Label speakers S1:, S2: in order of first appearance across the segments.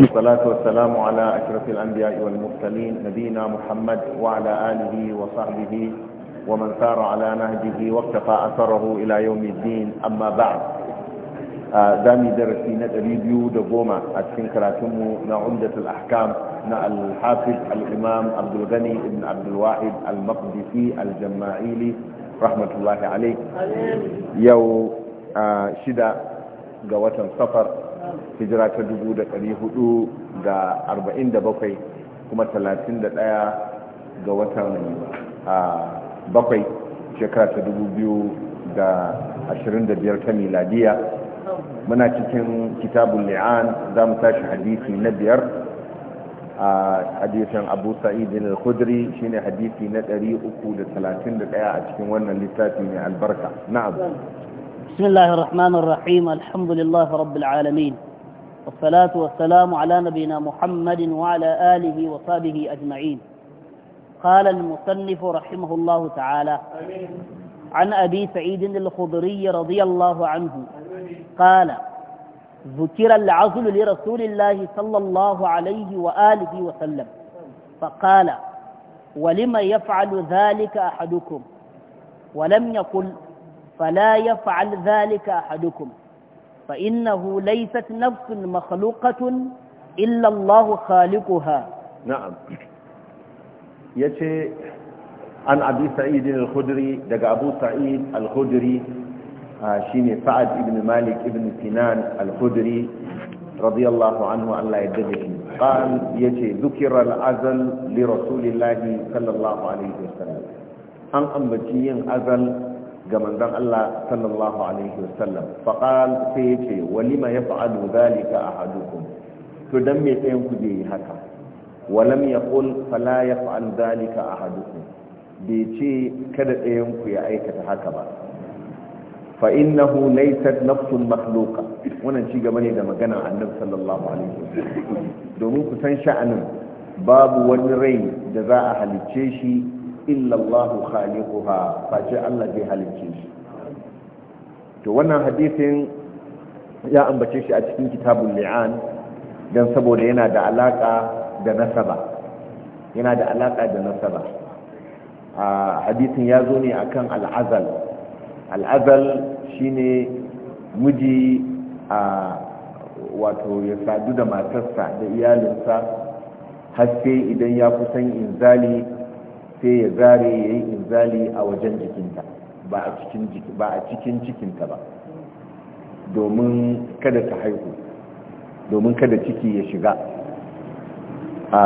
S1: والصلاة والسلام على أشرف الأنبياء والمرسلين نبينا محمد وعلى آله وصحبه ومن سار على نهجه واقتفى أثره إلى يوم الدين أما بعد آه، دامي درسي نتريبيو دقوما أتفين كراتمو نعمدة الأحكام نا الحافظ الإمام عبد الغني بن عبد الواحد المقدسي الجماعيلي رحمة الله عليه يو آه، شدة قوة صفر hijira ta 447 kuma 31 ga watan bakwai shekara ta 2025 ta miladiya muna cikin kitabun li'an za mu tashi hadisi na biyar a hadisin abu sa'idin al-khudri shine hadisi na 331 a cikin wannan littafi mai albarka na'am
S2: بسم الله الرحمن الرحيم الحمد لله والصلاة والسلام على نبينا محمد وعلى آله وصحبه أجمعين قال المصنف رحمه الله تعالى عن أبي سعيد الخضري رضي الله عنه قال ذكر العزل لرسول الله صلى الله عليه وآله وسلم فقال ولم يفعل ذلك أحدكم ولم يقل فلا يفعل ذلك أحدكم فإنه ليست نفس مخلوقة إلا الله خالقها
S1: نعم يتي عن أبي سعيد الخدري دقى أبو سعيد الخدري شيني سعد بن مالك بن سنان الخدري رضي الله عنه أن لا يدده قال يتي ذكر الأزل لرسول الله صلى الله عليه وسلم أن أمتين أزل ga manzon Allah sallallahu alaihi wasallam faqal sai yace walima yaf'alu dhalika ahadukum to dan me tsayin ku je haka walam yaqul fala yaf'al dhalika ahadukum bai ce kada tsayin ku ya aikata haka ba fa innahu laysat nafsun makhluqa wannan ci gaba ne da magana annabi sallallahu alaihi wasallam domin ku san sha'anin babu wani rai da za a halicce shi illallahu khaliquha face Allah zai halicce shi to wannan hadisin ya ambace shi a cikin kitabun li'an don saboda yana da alaka da nasaba yana da alaka da nasaba a hadisin ya zo ne akan al'azal al'azal shine miji a wato ya sadu da matarsa da iyalinsa haske idan ya kusan inzali sai ya zare ya yi inzali a wajen jikinta ba a cikin ba a cikin cikinta ba domin kada ta haihu domin kada ciki ya shiga a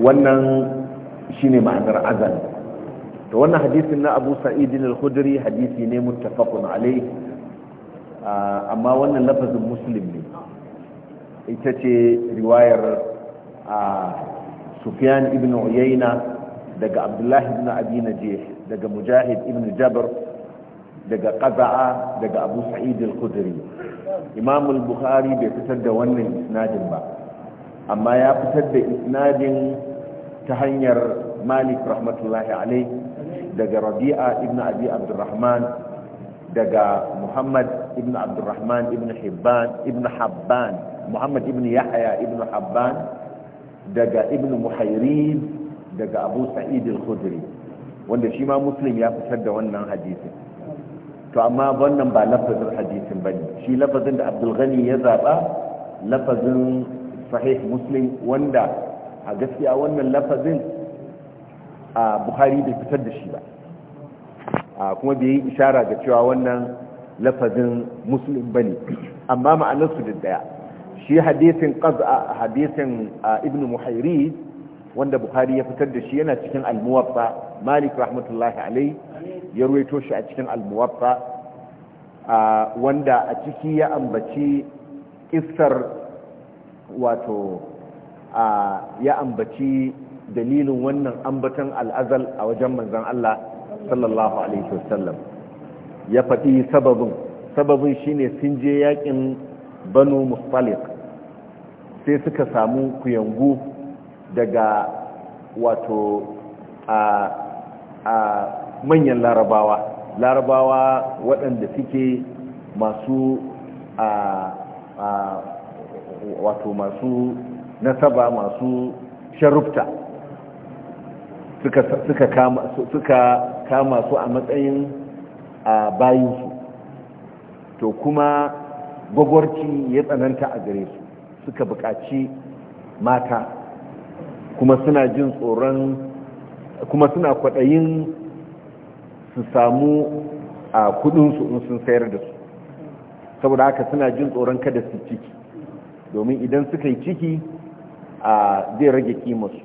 S1: wannan shine ma'anar azan to wannan hadisin na Abu Sa'id al-Khudri hadisi ne muttafaqun alai amma wannan lafazin muslim ne ita ce riwayar Sufyan ibn Uyayna daga abdullahi ibn abi najih daga mujahid ibn jabr daga qaza'a daga abu sa'id al-khudri imam al-bukhari bai fitar da wannan isnadin ba amma ya fitar da isnadin ta hanyar malik rahmatullahi alai daga rabi'a ibn abi abdurrahman daga muhammad ibn abdurrahman ibn hibban ibn habban muhammad ibn yahya ibn habban daga ibn muhairib daga abu sa'id al-khudri wanda shi ma muslim ya fitar da wannan hadisin to amma wannan ba lafazin hadisin bane shi lafazin da abdul ghani ya zaba lafazin sahih muslim wanda a gaskiya wannan lafazin a Bukhari bai fitar da shi ba kuma bai yi ishara ga cewa wannan lafazin muslim bane amma ma'anarsu da daya shi hadisin qaz'a hadisin ibn muhairid wanda buhari ya fitar da shi yana cikin almuwaffa malik rahmatullahi alai ya ruwaito shi a cikin almuwaffa wanda a ciki ya ambaci kissar wato ya ambaci dalilin wannan ambatan al'azal a wajen manzan Allah sallallahu alaihi wasallam ya faɗi sababin sababin shine sun je yaƙin banu mustalik sai suka samu kuyangu daga wato a manyan larabawa larabawa waɗanda suke masu a wato masu nasaba masu sharufta suka kama su a matsayin a bayinsu to kuma gwagwarci ya tsananta a gare su suka buƙaci mata kuma suna jin tsoron kuma suna kwaɗayin su samu a kudinsu in sun sayar da su saboda haka suna jin tsoron kada su ciki domin idan suka yi ciki a zai rage kimarsu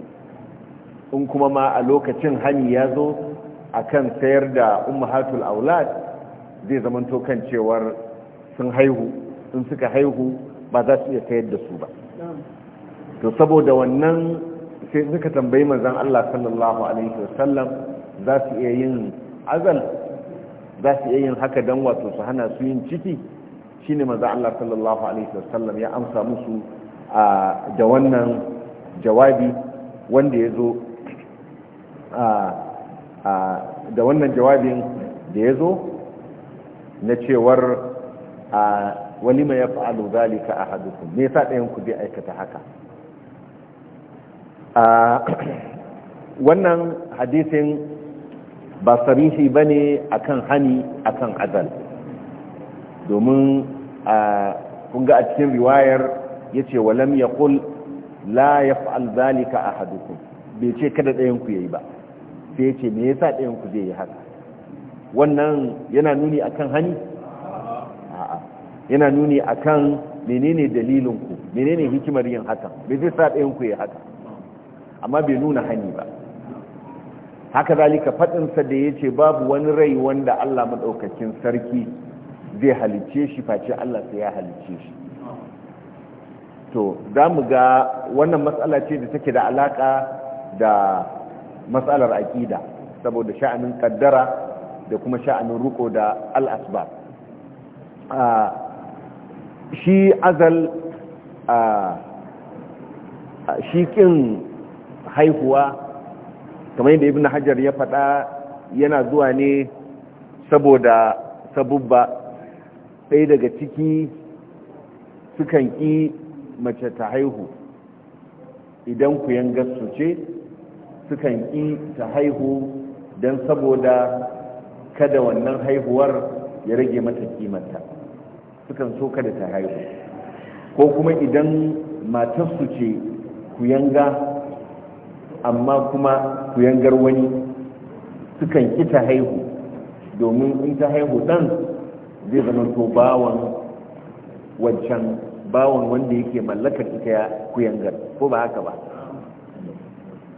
S1: in kuma ma a lokacin hani ya zo a kan sayar da umahatul aulad zai zamanto kan cewar sun haihu in suka haihu ba za su iya sayar da su ba to saboda wannan sai suka tambayi manzan Allah sallallahu alaihi wasallam za su iya yin azal za su iya yin haka don wato su hana su yin ciki shine manzan Allah sallallahu alaihi wasallam ya amsa musu da wannan jawabi wanda ya zo da wannan jawabin da ya zo na cewar walima ya fa'alu zalika ahadukum me yasa ɗayan ku bai aikata haka wannan hadisin ba sarihi ba ne a kan hani a kan azal domin a kunga a cikin riwayar ya ce walam ya kul la ya fa'al zalika a hadukun bai ce kada ɗayanku ya yi ba sai ya ce me sa ɗayanku zai yi haka wannan yana nuni a kan hani yana nuni a kan menene dalilinku menene hikimar yin hakan bai zai sa ɗayanku ya yi haka amma bai nuna hani ba haka zalika faɗinsa da ya ce babu wani rai wanda Allah maɗaukakin sarki zai halicce shi face Allah sai ya halicce shi to za mu ga wannan matsala ce da take da alaƙa da matsalar aƙida saboda sha'anin ƙaddara da kuma sha'anin ruko da al'asbab shi azal shi ƙin haihuwa kamar yadda ibn hajar ya faɗa yana zuwa ne saboda sabubba ɗaya daga ciki sukan ƙi mace ta haihu idan ku gasu ce sukan ƙi ta haihu don saboda kada wannan haihuwar ya rage mata kimanta sukan so kada ta haihu ko kuma idan matarsu ce ku yanga amma kuma ku yangar wani sukan ki ta haihu domin in ta haihu ɗan zai zama to bawan wancan bawan wanda yake mallakar ita ya kuyangar ko ba haka ba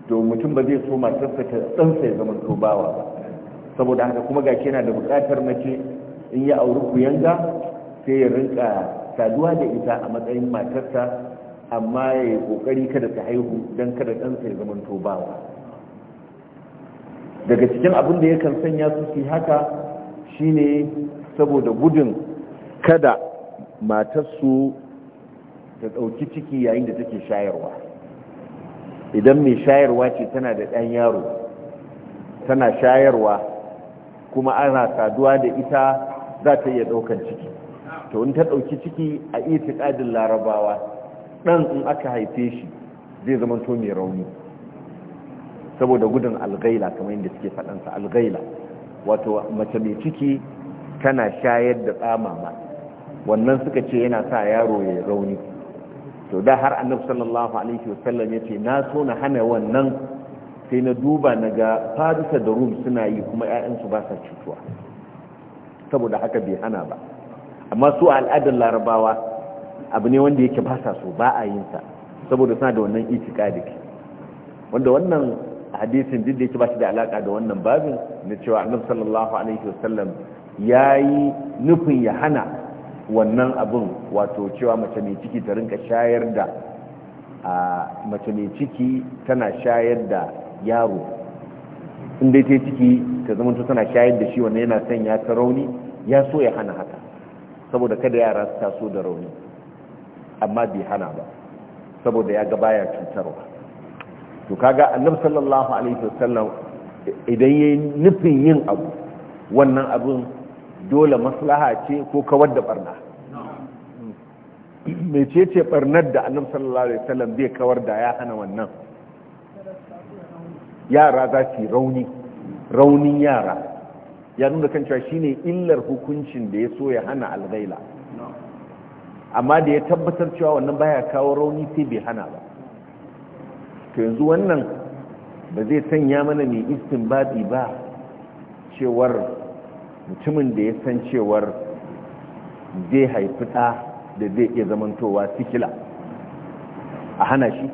S1: to mutum ba zai so matarsa ta ɗansa ya zama to bawa ba saboda haka kuma gashi yana da buƙatar mace in ya auri kuyanga sai ya rinka saduwa da ita a matsayin matarsa amma ya yi kokari kada ta haihu don kada ɗansa ya zama tobawa daga cikin abin da yakan sanya su fi haka shine saboda gudun kada matarsu ta ɗauki ciki yayin da take shayarwa idan mai shayarwa ce tana da ɗan yaro tana shayarwa kuma ana saduwa da ita za ta iya ɗaukan ciki to in ta ɗauki ciki a itikadin larabawa ɗan in aka haife shi zai zama to mai rauni saboda gudun algaila kamar yadda suke faɗansa algaila wato mace mai ciki tana shayar da tsamama wannan suka ce yana sa yaro ya rauni to da har annabi sallallahu alaihi wasallam ya ce na so na hana wannan sai na duba na ga farisa da rum suna yi kuma 'ya'yansu ba sa cutuwa saboda haka bai hana ba amma su al'adar larabawa abu ne wanda yake ba sa so ba a yin sa saboda suna da wannan itikadi wanda wannan hadisin duk da yake ba shi da alaka da wannan babin na cewa annabi sallallahu alaihi wasallam yayi nufin ya hana wannan abun wato cewa mace mai ciki ta rinka shayar da mace mai ciki tana shayar da yaro dai ta ciki ta zama tana shayar da shi wannan yana sanya ta rauni ya so ya hana haka saboda kada yara su taso da rauni amma bai hana ba saboda ya ga baya cutarwa to kaga annabi sallallahu alaihi wasallam idan yayin nufin yin abu wannan abun dole maslaha ce ko kawar da barna mecece barnar da annabi sallallahu alaihi wasallam zai kawar da ya hana wannan yara za su rauni raunin yara ya nuna kan cewa shine illar hukuncin da ya so ya hana alghaila amma da ya tabbatar cewa wannan baya kawo rauni sai bai hana ba to yanzu wannan ba zai sanya mana mai istinbadi ba cewar mutumin da ya san cewar zai haifi ɗa da zai iya zamantowa sikila a hana shi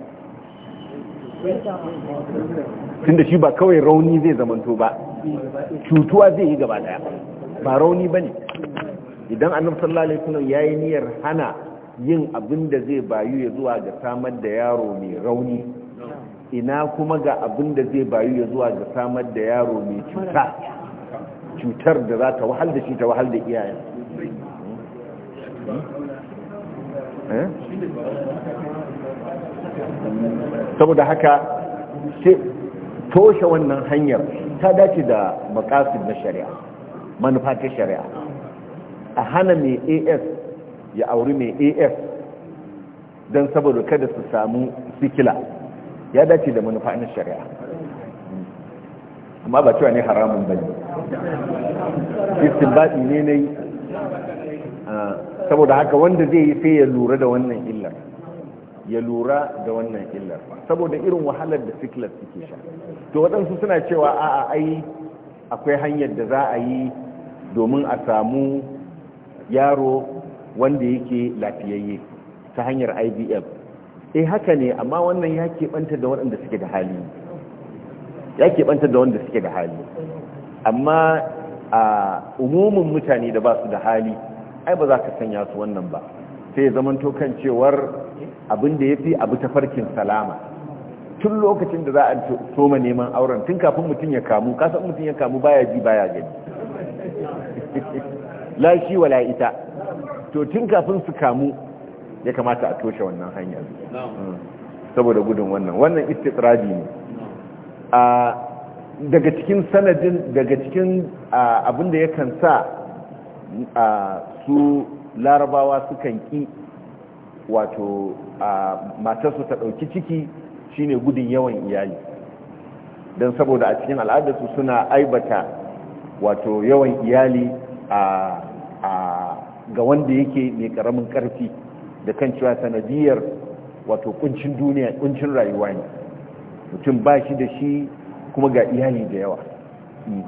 S1: tun da shi ba kawai rauni zai zamanto ba cutuwa zai yi gaba daya ba rauni ba ne idan annabi sallallahu alaihi wasallam yayi niyyar hana yin abin da zai bayu ya zuwa ga samar da yaro mai rauni ina kuma ga abin da zai bayu ya zuwa ga samar da yaro mai cuta cutar da za ta wahal da shi ta wahal da iyayen hmm? eh? saboda haka toshe wannan hanyar ta dace da makasid na shari'a manufa ta shari'a a hana mai af ya auri mai af don saboda kada su samu sikila ya dace da manufa na shari'a amma ba cewa ne haramun bane istinbadi ne na ah, saboda haka wanda zai yi sai ya lura da wannan illar ya lura da wannan illar saboda irin wahalar da sikilar suke sha to waɗansu suna cewa a'a ai akwai hanyar da za a yi domin a samu yaro wanda yake lafiyayye ta hanyar IVF eh haka ne amma wannan ya keɓanta da waɗanda suke da hali ya keɓanta da wanda suke da hali amma a umumin mutane da ba su da hali ai ba za ka sanya su wannan ba sai ya zamanto kan cewar abin da ya fi abu ta farkin salama tun lokacin da za a soma neman auren tun kafin mutum ya kamu kasan mutum ya kamu baya ji baya gani lashi shi wala ita to tun kafin su kamu ya kamata a toshe wannan hanyar saboda gudun wannan wannan istitrabi ne daga cikin sanadin daga cikin abinda yakan sa su larabawa su kan ki wato matarsu ta ɗauki ciki shine gudun yawan iyali don saboda a cikin al'adarsu suna aibata wato yawan iyali a ga wanda yake mai karamin karfi da kan cewa sanadiyar wato kuncin duniya kuncin rayuwa ne mutum ba shi da shi kuma ga iyali da yawa hmm.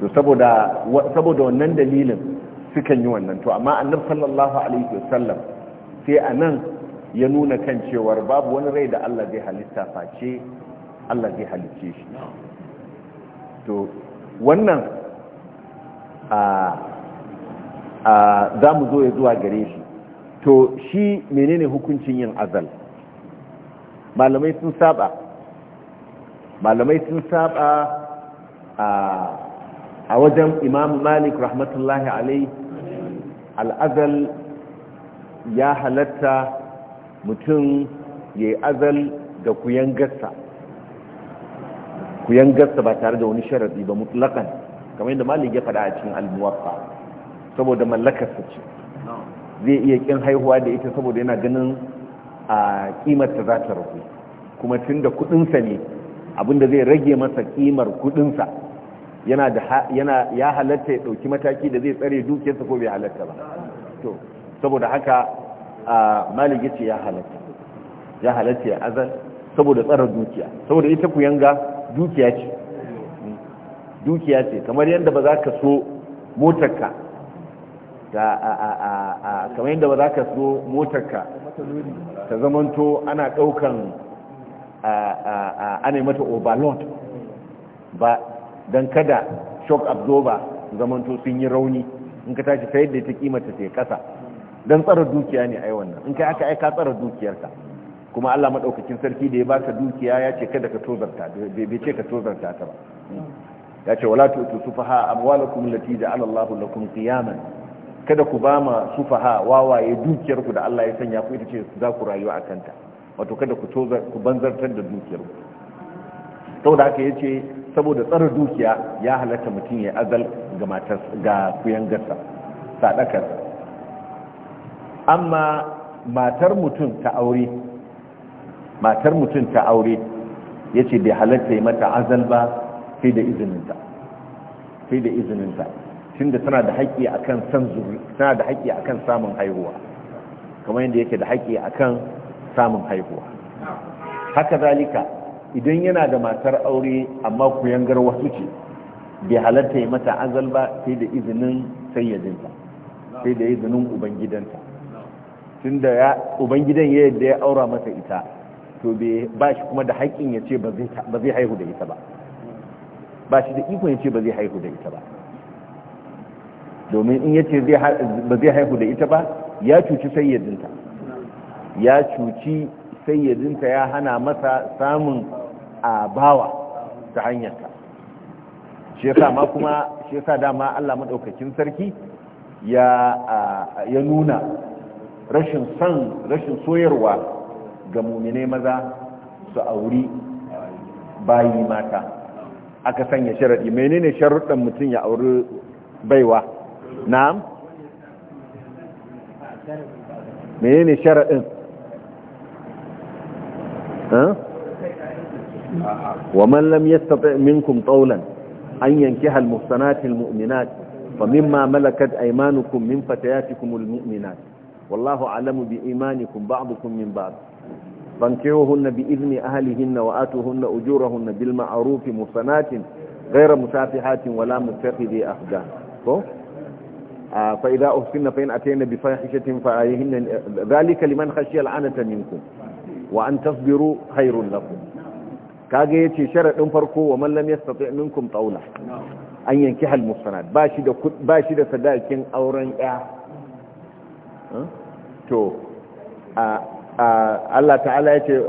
S1: to saboda wannan dalilin sukan yi wannan to amma annabi sallallahu alaihi wasallam sai a nan ya nuna kan cewar babu wani rai da Allah zai halitta face Allah zai halice shi to wannan a za mu zo ya zuwa gare shi to shi menene hukuncin yin azal malamai sun saba malamai sun saba a wajen imam malik rahmatullahi alai al'azal ya halatta mutum ya yi azal da kuyangarsa kuyangarsa ba tare da wani sharaɗi ba mutlakan kamar yadda malik ya faɗa a cikin almuwarsa saboda mallakarsa ce zai iya kin haihuwa da ita saboda yana ganin a kimarta za ta ragu kuma tun da kudinsa ne abinda zai rage masa kimar kudinsa yana da yana ya halatta ya dauki mataki da zai tsare dukiyarsa ko bai halatta ba to saboda haka maliki ce ya halatta ya halatta ya azal saboda tsara dukiya saboda ita ku yanga dukiya ce dukiya ce kamar yadda ba za ka so motarka kamar yadda ba za ka so motarka ta zamanto ana ɗaukan ana mata overload ba don kada shock absorber zamanto sun yi rauni in ka tashi ta yadda ta kimata ta kasa don tsara dukiya ne a yi wannan in kai aka aika tsara dukiyarka kuma Allah maɗaukacin sarki da ya baka dukiya ya ce kada ka tozarta bai ce ka tozarta ta ba ya ce wala tu'tu sufaha amwalakum lati ja'ala Allahu lakum qiyaman kada ku ba ma sufaha wawaye dukiyar ku da Allah ya sanya ku ita ce za ku rayu a kanta wato kada ku toza ku banzartar da dukiyar ku saboda haka yace saboda tsara dukiya ya halatta mutum ya azal ga matar ga kuyangarsa sadakar amma matar mutum ta aure matar mutum ta aure yace bai halatta mata azal ba sai da izininta sai da izininta tunda tana da haƙƙi akan san zuri tana da haƙƙi akan samun haihuwa kamar yadda yake da haƙƙi akan samun haihuwa haka zalika idan yana da matar aure amma ku yangar wasu ce bai halatta yi mata azal ba sai da izinin sayyadinta sai da izinin ubangidanta tunda ya ubangidan ya yadda ya aura mata ita to ba shi kuma da haƙƙin ya ce ba zai haihu da ita ba ba shi da ikon ya ce ba zai haihu da ita ba domin in yace ba zai haihu da ita ba ya cuci sayyadinta ya cuci sayyadinta ya hana masa samun a bawa ta hanyarta shi yasa ma kuma shi yasa dama Allah madaukakin sarki ya ya nuna rashin san rashin soyarwa ga muminai maza su auri bayi mata aka sanya sharadi menene sharuɗan mutum ya auri baiwa نعم منين الشرع إيه. ها ومن لم يستطع منكم طولا ان ينكح المحصنات المؤمنات فمما ملكت ايمانكم من فتياتكم المؤمنات والله اعلم بايمانكم بعضكم من بعض فانكروهن باذن اهلهن واتوهن اجورهن بالمعروف محصنات غير مسافحات ولا متخذي اخدان صح طيب. fa idza uhsinna fa in atayna bi fahishatin fa ayhinna zalika liman khashiya al'anata minkum wa an tasbiru khairun lakum kage yace sharadin farko wa man lam yastati minkum tawla an yanki hal musanad ba da bashi da sadakin auren ya to Allah ta'ala yace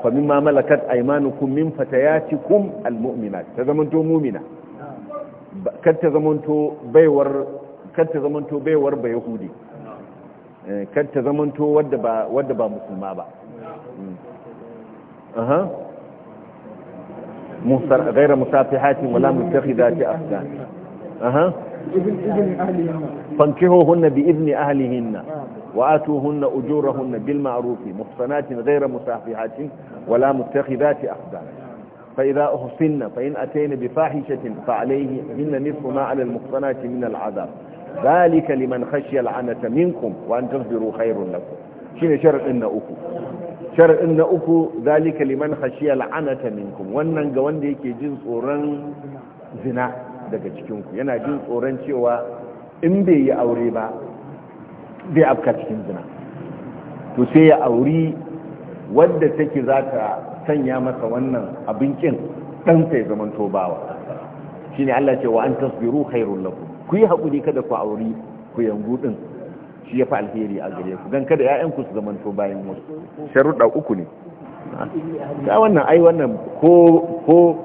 S1: ce mimma malakat aymanukum min fatayatikum mu'minat ta zamanto mu'mina kar ta zamanto baiwar kanta ta zamanto baiwar ba yahudi eh, kanta ta zamanto wadda ba wadda ba musulma ba mm. aha musar gaira musafihatin wala mutakhidati afghan aha فانكحوهن بإذن أهلهن وآتوهن أجورهن بالمعروف محصنات غير مسافحات ولا متخذات أخدان فإذا أحصن فإن أتينا بفاحشة فعليه إن نصف ما على المقتنات من العذاب zalika liman khashiya al'anata minkum wa an tasbiru khairun lakum shine sharadin na uku sharadin na uku zalika liman khashiya al'anata minkum wannan ga wanda yake jin tsoron zina daga cikin ku yana jin tsoron cewa in bai yi aure ba bai afka cikin zina to sai ya aure wadda take za ta sanya masa wannan abincin dan sai zaman tobawa shine Allah ce wa an tasbiru khairul lakum ku yi haƙuri kada ku auri ku yangu ɗin shi ya fi alheri a gare ku don kada ‘ya'yanku su to bayan wasu sharuɗa uku ne ta wannan ai wannan ko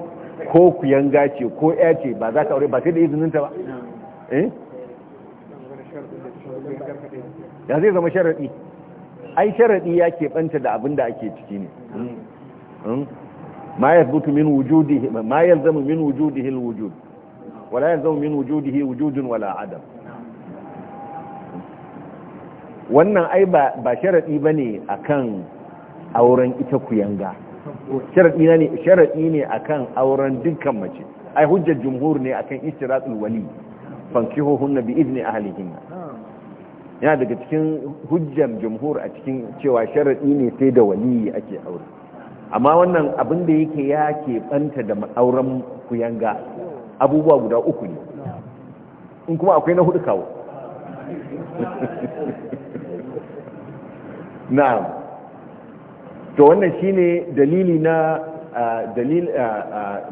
S1: ku yanga ce ko ‘ya ce ba za ka aure ba sai da izinin ta ba eh? ya zai zama sharaɗi ai sharaɗi ya keɓanta da abin da ake ciki ne hmm? Hmm? ma yanzu min wujudi, ma yanzu zama min hil wujud ولا yanzu من وجوده وجود ولا عدم wannan ai ba sharaɗi ba ne a kan auren ita ku yanga. sharaɗi ne a kan auren dukkan mace ai hujjar jumhur ne a kan istiratul wali bi'id ne a ahlihin yana daga cikin hujjar jumhur a cikin cewa sharaɗi ne sai da wali ake aure amma wannan abin da yake ya ɓanta da auren ku yanga. abubuwa guda uku ne in kuma akwai na hudu kawo na to wannan shine dalili na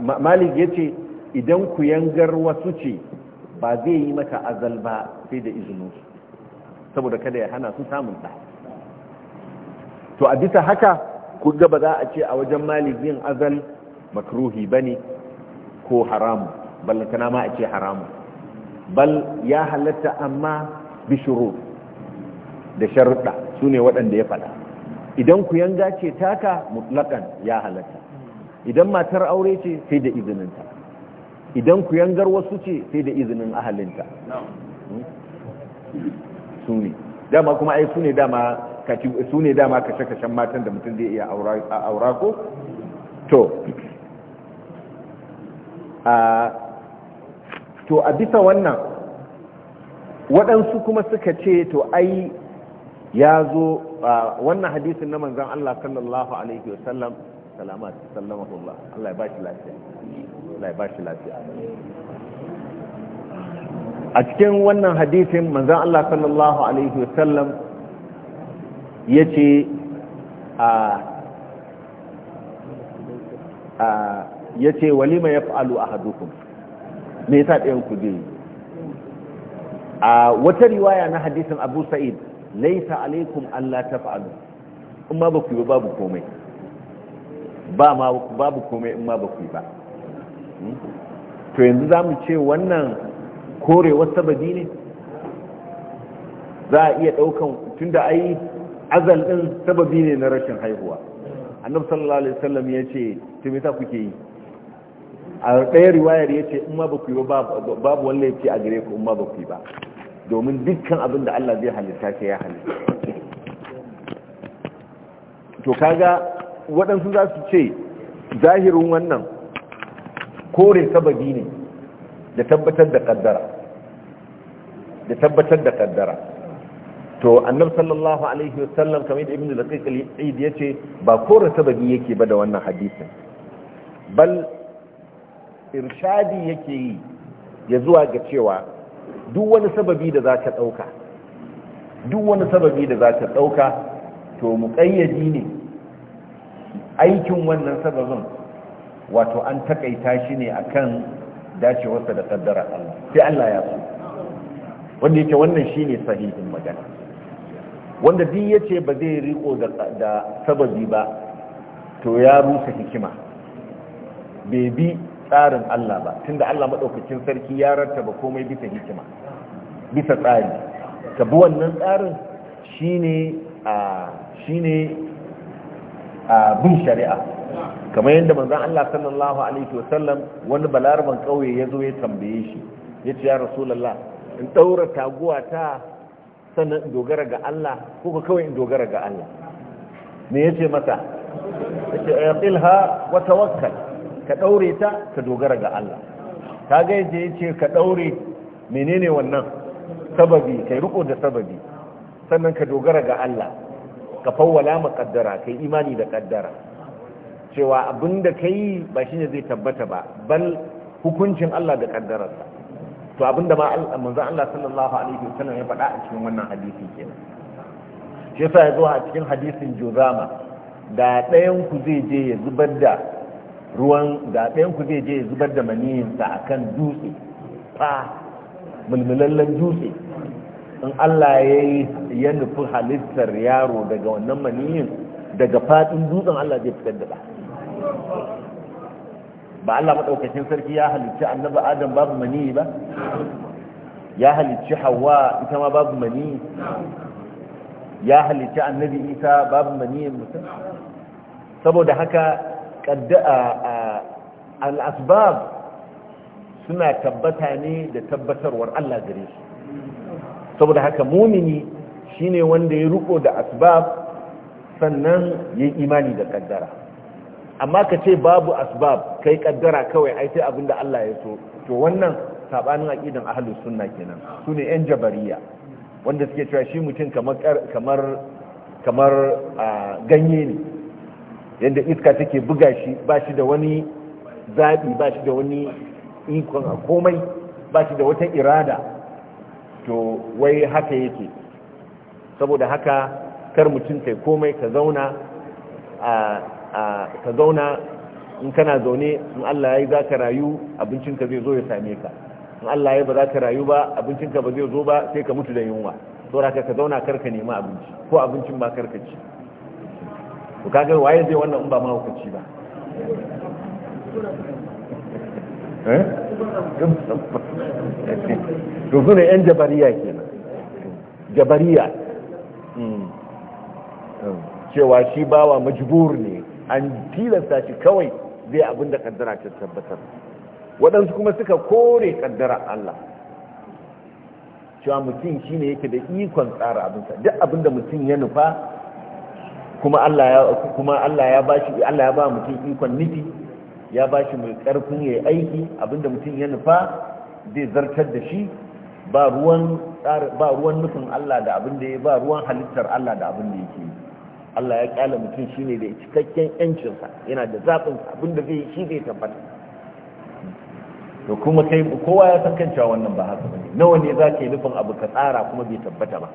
S1: malik malik ce idan ku yangar wasu ce ba zai yi maka azal ba sai da izinin saboda kada ya hana su samun ɗa to a bisa haka ku ga ba za a ce a wajen malik yin azal makruhi bane ko haramu ballantana ma a ce haramu. bal ya halatta amma Bishiru da sharuɗa su ne waɗanda ya faɗa idan ku yanga ce taka mutlakan ya halatta idan matar aure ce sai da izininta idan ku yangar wasu ce sai da izinin ahalinta su ne dama kuma ai su ne dama su ne dama kashe-kashen matan da mutum zai iya aura ko to to a bisa wannan waɗansu kuma suka ce to ai ya zo wannan hadisin na manzan Allah sallallahu alaihi wasallam salamat sallamahullah Allah ya bashi lafiya Allah ya bashi lafiya a cikin wannan hadisin manzan Allah sallallahu alaihi wasallam ya ce ya ce walima ya fa'alu a hadukunsu me yasa ɗayan ku bai a wata riwaya na hadisin abu sa'id laisa alaikum allah ta fa'alu in ma ba ku yi babu komai ba ma babu komai in ma ba ku yi ba to yanzu za mu ce wannan korewar sababi ne za a iya ɗaukan tun da ai azal ɗin sababi ne na rashin haihuwa annabi sallallahu alaihi wasallam ya ce to me sa kuke yi a ɗaya riwayar ya ce in ma ba ku yi ba babu wanda ya ce a gare ku in ma ba ku yi ba domin dukkan abin da Allah zai halitta ke ya halitta to kaga waɗansu za su ce zahirin wannan kore sababi ne da tabbatar da kaddara da tabbatar da kaddara to annab sallallahu alaihi wasallam kamar da ibn al-qayyim ya ce ba kore sababi yake ba da wannan hadisin bal irshadi yake yi ya zuwa ga cewa duk wani sababi da za ka ɗauka duk wani sababi da za ka ɗauka to ƙayyadi ne aikin wannan sababin wato an taƙaita shi ne akan dacewarsa da ƙaddara Allah sai Allah ya so wanda yake wannan shi ne sahihin magana wanda duk ya ce ba zai riko da sababi ba to ya rusa hikima bai tsarin Allah ba tunda Allah madaukakin sarki ya rattaba komai bisa hikima bisa tsari ka wannan tsarin shine a shine a bin shari'a kamar yadda manzon Allah sallallahu alaihi wasallam wani balarban kauye ya zo ya tambaye shi yace ya rasulullah in daura taguwa ta sannan in dogara ga Allah ko ka kawai in dogara ga Allah me yace masa yace ayqilha wa tawakkal ka ɗaure ta ka dogara ga Allah ta ga yadda ya ce ka ɗaure menene wannan sababi kai riko da sababi sannan ka dogara ga Allah ka fawwala ma kaddara kai imani da kaddara cewa abinda yi ba shine zai tabbata ba bal hukuncin Allah da kaddararsa to abinda ma Allah sallallahu alaihi wasallam ya faɗa a cikin wannan hadisi kenan shi yasa ya zo a cikin hadisin Juzama da ɗayan ku zai je ya zubar da ruwan da ɗayan ku zai je ya zubar da maniyinsa a kan dutse fa mulmulallen dutse in Allah ya yi ya nufi halittar yaro daga wannan maniyin daga faɗin dutsen Allah zai fitar da ba ba Allah maɗaukacin sarki ya halicci annabi Adam babu maniyi ba ya halicci hawa ita ma babu maniyi ya halicci annabi Isa babu maniyin mutum saboda haka al'asbab suna tabbata ne da tabbatarwar Allah gare shi saboda haka mumini shine wanda ya ruko da asbab sannan ya imani da kaddara amma ka ce babu asbab kai kaddara kawai ai sai abinda Allah ya so to wannan sabanin aqidan ahlus sunna kenan sune yan jabariya wanda suke cewa shi mutum kamar kamar kamar ganye ne yadda iska take buga shi ba shi da wani zaɓi ba shi da wani ikon a komai ba shi da wata irada to wai haka yake saboda haka kar mutum kai komai ka zauna ka zauna in kana zaune in Allah ya yi za ka rayu abincinka zai zo ya same ka in Allah ya yi ba za ka rayu ba abincinka ba zai zo ba sai ka mutu da yunwa saboda ka zauna karka nema abinci ko abincin ba karka ci ka ga waye zai wannan in ba mahaukaci ba eh? to su ne yan jabariya kenan jabariya hmm. Hmm. cewa shi bawa majibur ne an tilasta shi kawai zai abinda kaddara ta tabbatar waɗansu kuma suka kore kaddara Allah cewa mutum shi ne yake da ikon tsara abinsa duk abinda mutum ya nufa kuma Allah ya kuma Allah ya bashi Allah ya ba mutum ikon nufi ya bashi mai karfin yayi aiki abinda mutum ya nufa zai zartar da shi ba ruwan ba ruwan nufin Allah da abinda ya ba ruwan halittar Allah da abinda yake yi Allah ya kyala mutum shine da cikakken yancin sa yana da zaɓin abinda zai shi zai tabbata to kuma kai kowa ya san kancewa wannan ba haka bane nawa ne zaka yi nufin abu ka tsara kuma bai tabbata ba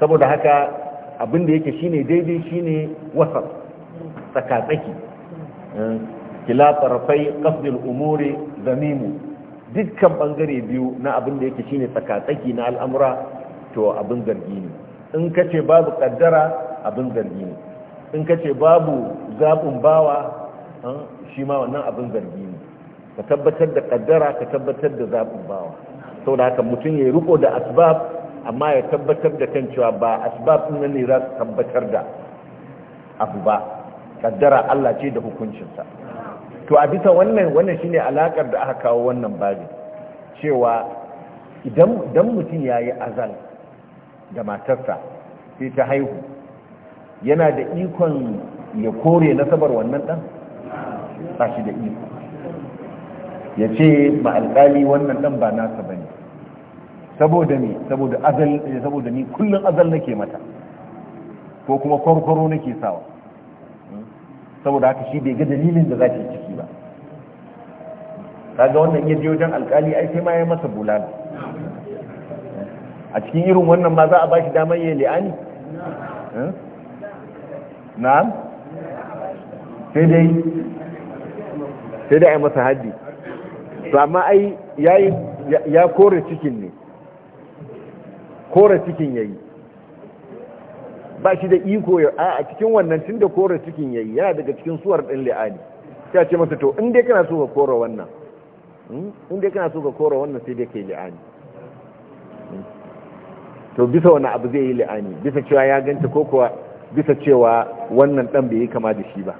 S1: saboda haka abin da yake shine daidai shine wasat tsakatsaki eh, kila tarafai qasdul umuri zamimu dukkan bangare biyu na abin da yake shine tsakatsaki na al'amura to abin zargi ne in kace babu kaddara abin zargi ne in kace babu zabun bawa eh, shi ma wannan abin zargi ne ka tabbatar da kaddara ka tabbatar da zabun bawa saboda haka mutum ya riko da asbab amma ya tabbatar da kan cewa ba asbab na ne za su tabbatar da abu ba kaddara Allah ce da hukuncinsa to a bisa wannan wannan shine alakar da aka kawo wannan babi cewa idan dan mutum yayi azal da matarsa sai ta haihu yana da ikon ya kore nasabar wannan dan ba shi da iko ya ce ma alkali wannan dan ba nasa ba ne. Eh, saboda ni saboda azal saboda ni kullun azal nake mata ko kuma kwarkwaro nake sawa hmm? saboda haka shi bai ga dalilin da za ta ciki ba kaga wannan yaje wajen alkali ai sai ma ya masa bulala a cikin irin wannan ma za a bashi damar yayi li'ani hmm? na'am sai dai sai dai ai masa haddi to amma ai yayi ya kore cikin ne kora cikin yayi ba shi da iko ya a cikin wannan tun da kora cikin yayi yana daga cikin suwar ɗin li'ani ya ce masa to inda kana so ka kora wannan hmm? inda kana so ka kora wannan sai dai ka yi li'ani hmm. to bisa wani abu zai yi li'ani bisa cewa ya ganta ko kuwa bisa cewa wannan ɗan bai yi kama da shi ba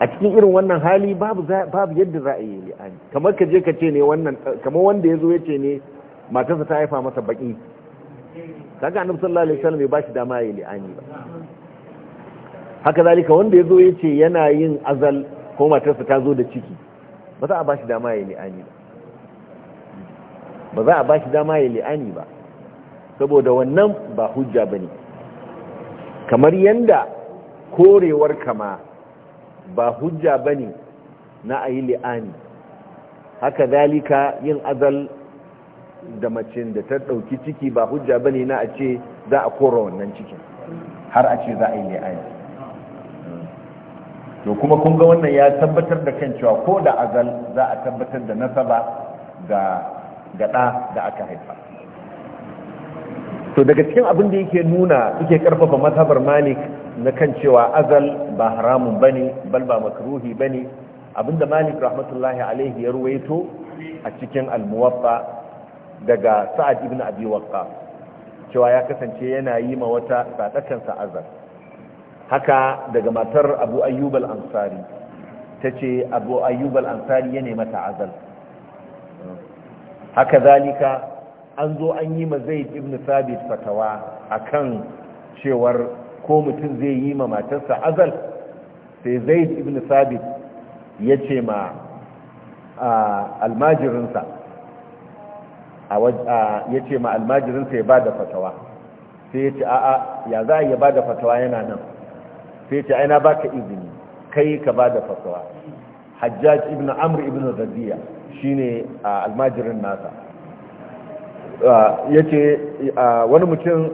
S1: a cikin irin wannan hali babu yadda za a yi li'ani kamar ka je ka ce ne wannan kamar wanda ya zo ya ce ne matarsa ta haifa masa baki kaga annabi sallallahu alaihi wasallam bai bashi dama yayi li'ani ba haka zalika wanda yazo yace yana yin azal ko matarsa ta zo da ciki ba za a bashi dama yayi li'ani ba ba za a bashi dama yayi li'ani ba saboda wannan ba hujja bane kamar yanda korewar kama ba hujja bane na ayi li'ani haka zalika yin azal da mace da ta ɗauki ciki ba hujja ba ne na a ce za a kora wannan cikin har a ce za a yi to kuma kun ga wannan ya tabbatar da kan cewa ko da azal za a tabbatar da nasaba ga ɗa da aka haifa to daga cikin abin da yake nuna yake karfafa mazhabar malik na kan cewa azal ba haramun bane bal ba makruhi bane abinda malik rahmatullahi alaihi ya ruwaito a cikin almuwaffa daga sa'ad ibn abi cewa ya kasance yana yi ma wata sadakan azar haka daga matar abu ayyubal ansari ta ce abu Ayyubal ansari ya nemi ta azal haka zalika an zo an yi ma zaid ibn sabit fatawa kan cewar ko mutum zai yi ma matarsa azal sai zaid ibn sabit ya ce ma almajirinsa ya ce ma almajirinsa ya ba da fatawa sai ya ce a'a ya za a yi ba da fatawa yana nan sai ya ce aina ba ka izini kai ka ba da fatawa hajjaj ibn amr ibn zaziya shi ne almajirin nasa ya ce wani mutum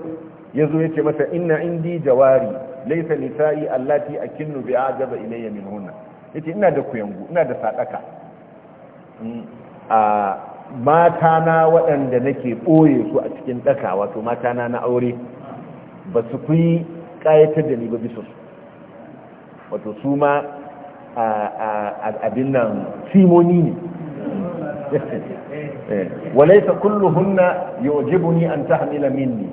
S1: ya zo ya ce masa ina indi jawari laisa nisa'i allati akinnu bi ajaba ilayya min hunna yace ina da kuyangu ina da sadaka hmm, a Mata na waɗanda nake ɓoye su a cikin ɗaka wato matana na aure ba su fi ƙayatar da ni ba bisa su wato su ma abin nan simoni ne hunna yau jibu ni an tahmila minni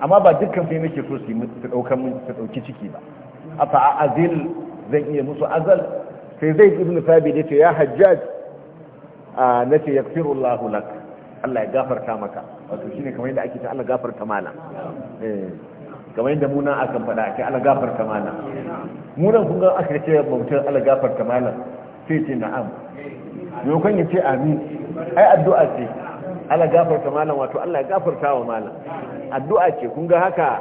S1: amma ba dukkan fi nake so su ɗauki ciki ba fa’a azil zan iya musu azal sai zai ibn sabi da ya hajjaji na ce yaghfirullahu lak Allah ya gafarta maka wato shine kamar yadda ake ta Allah gafarta mana eh kamar yadda muna kan faɗa ake Allah gafarta mana munan kun ga aka ce bautar Allah gafarta mana sai ce na'am yokon ya ce amin ai addu'a ce Allah gafarta malam wato Allah ya gafarta wa malam addu'a ce kun ga haka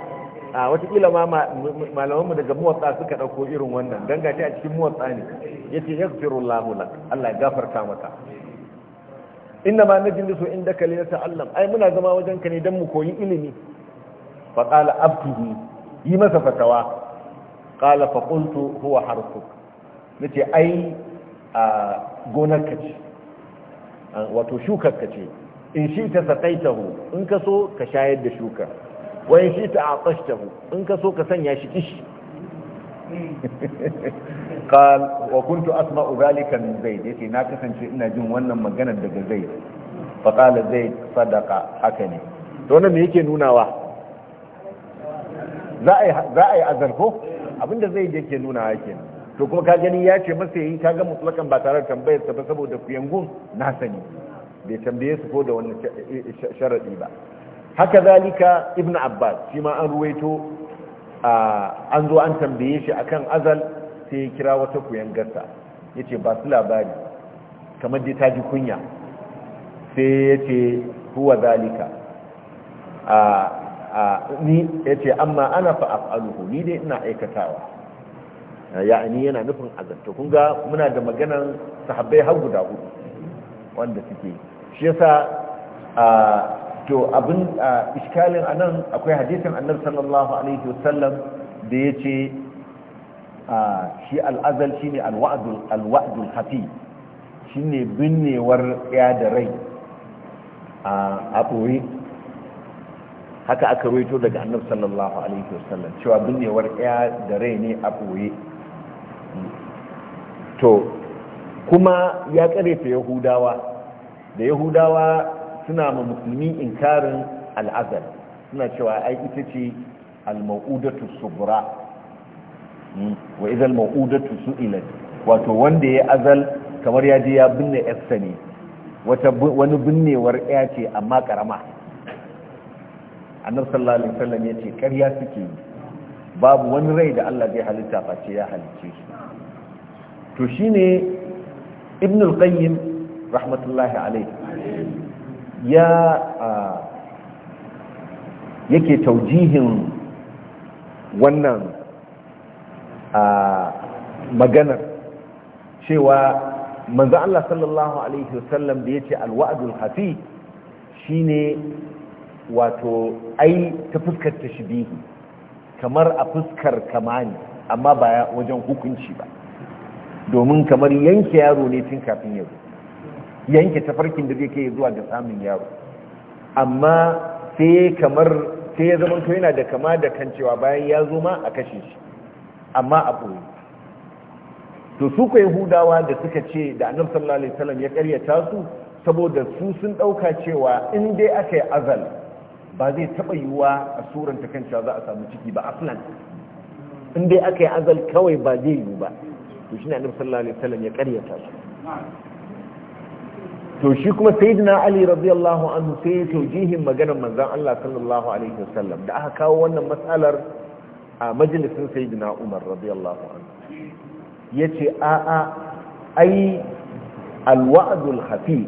S1: a watakila ma malamanmu daga muwatsa suka dauko irin wannan dangace a cikin muwatsa ne ya ce ya Allah ya gafarta maka inna in najlisu indaka linata'allam ai muna zama wajen ka ne dan mu koyi ilimi fa qala yi masa fatawa qala fa qultu huwa harfuk nace ai gonar ka ce wato shukar ka ce in shi ta saqaitahu in ka ka shayar da shukar wa in shi ta atashtahu in ka so ka sanya shi kishi قال وكنت أسمع ذلك من زيد يتي ناكسا شئنا جن وانا مجانا دقى زيد فقال زيد صدق حكني تونا ميكي نونا واحد za a yi azarfo abinda zai yake nuna nuna yake to kuma ka gani ya ce masa yi ka ga mutlakan ba tare da tambayar ta ba saboda kuyangun na sani bai tambaye su ko da wani sharadi ba haka zalika ibnu abbas shi ma an ruwaito an zo an tambaye shi akan azal sai ya kira wata gasa ya ce ba su labari kamar dai ta ji kunya sai ya ce huwa zalika ni ya ce amma ana aluhu ni dai ina aikatawa ya'ani yana nufin azalta kun muna da maganan sahabbai har guda hudu wanda suke shi yasa to abin iskalin anan akwai hadisin annabi sallallahu alaihi wasallam da yace shi al'azal shine ne alwa'dul hafi shine binnewar ya da rai a boye haka aka ruwaito daga annabi sallallahu alaihi wasallam cewa binnewar ya da rai ne a boye to kuma ya ta yahudawa da yahudawa suna ma musulmi inkarin al'azal suna cewa ai ita ce al-ma'udatu subra hmm? wa idal ma'udatu su'ilat wato wanda ya azal kamar ya je ya binne yarsa ne wata wani binnewar ya ce amma karama annabi sallallahu alaihi wasallam ya ce karya suke yi babu wani rai da Allah zai halitta face ya halicce shi to shine Ibnul qayyim rahmatullahi alaihi ya yake taujihin wannan maganar cewa manzo Allah sallallahu alaihi wasallam da yace alwa'dul khafi shine wato ai ta fuskar tashibihi kamar a fuskar kamani amma ba wajen hukunci ba domin kamar yanke yaro ne tun kafin yau yanke tafarkin da zai kai zuwa ga samun yaro amma sai kamar sai ya zama yana da kama da kan cewa bayan ya zo ma a kashe shi amma a ɓoye to su ku yahudawa da suka ce da annabi sallallahu alaihi wasallam ya karyata su saboda su sun ɗauka cewa in dai aka yi azal ba zai taɓa yiwuwa a suran ta kanta za a samu ciki ba aflan in dai aka yi azal kawai ba zai yiwu ba to shi ne annabi sallallahu alaihi wasallam ya karyata su to shi kuma sayyidina ali radiyallahu anhu sai ya taujihin maganar manzon Allah sallallahu alaihi wasallam da aka kawo wannan matsalar a majalisin sayyidina Umar radiyallahu anhu yace a a ai alwa'dul khafi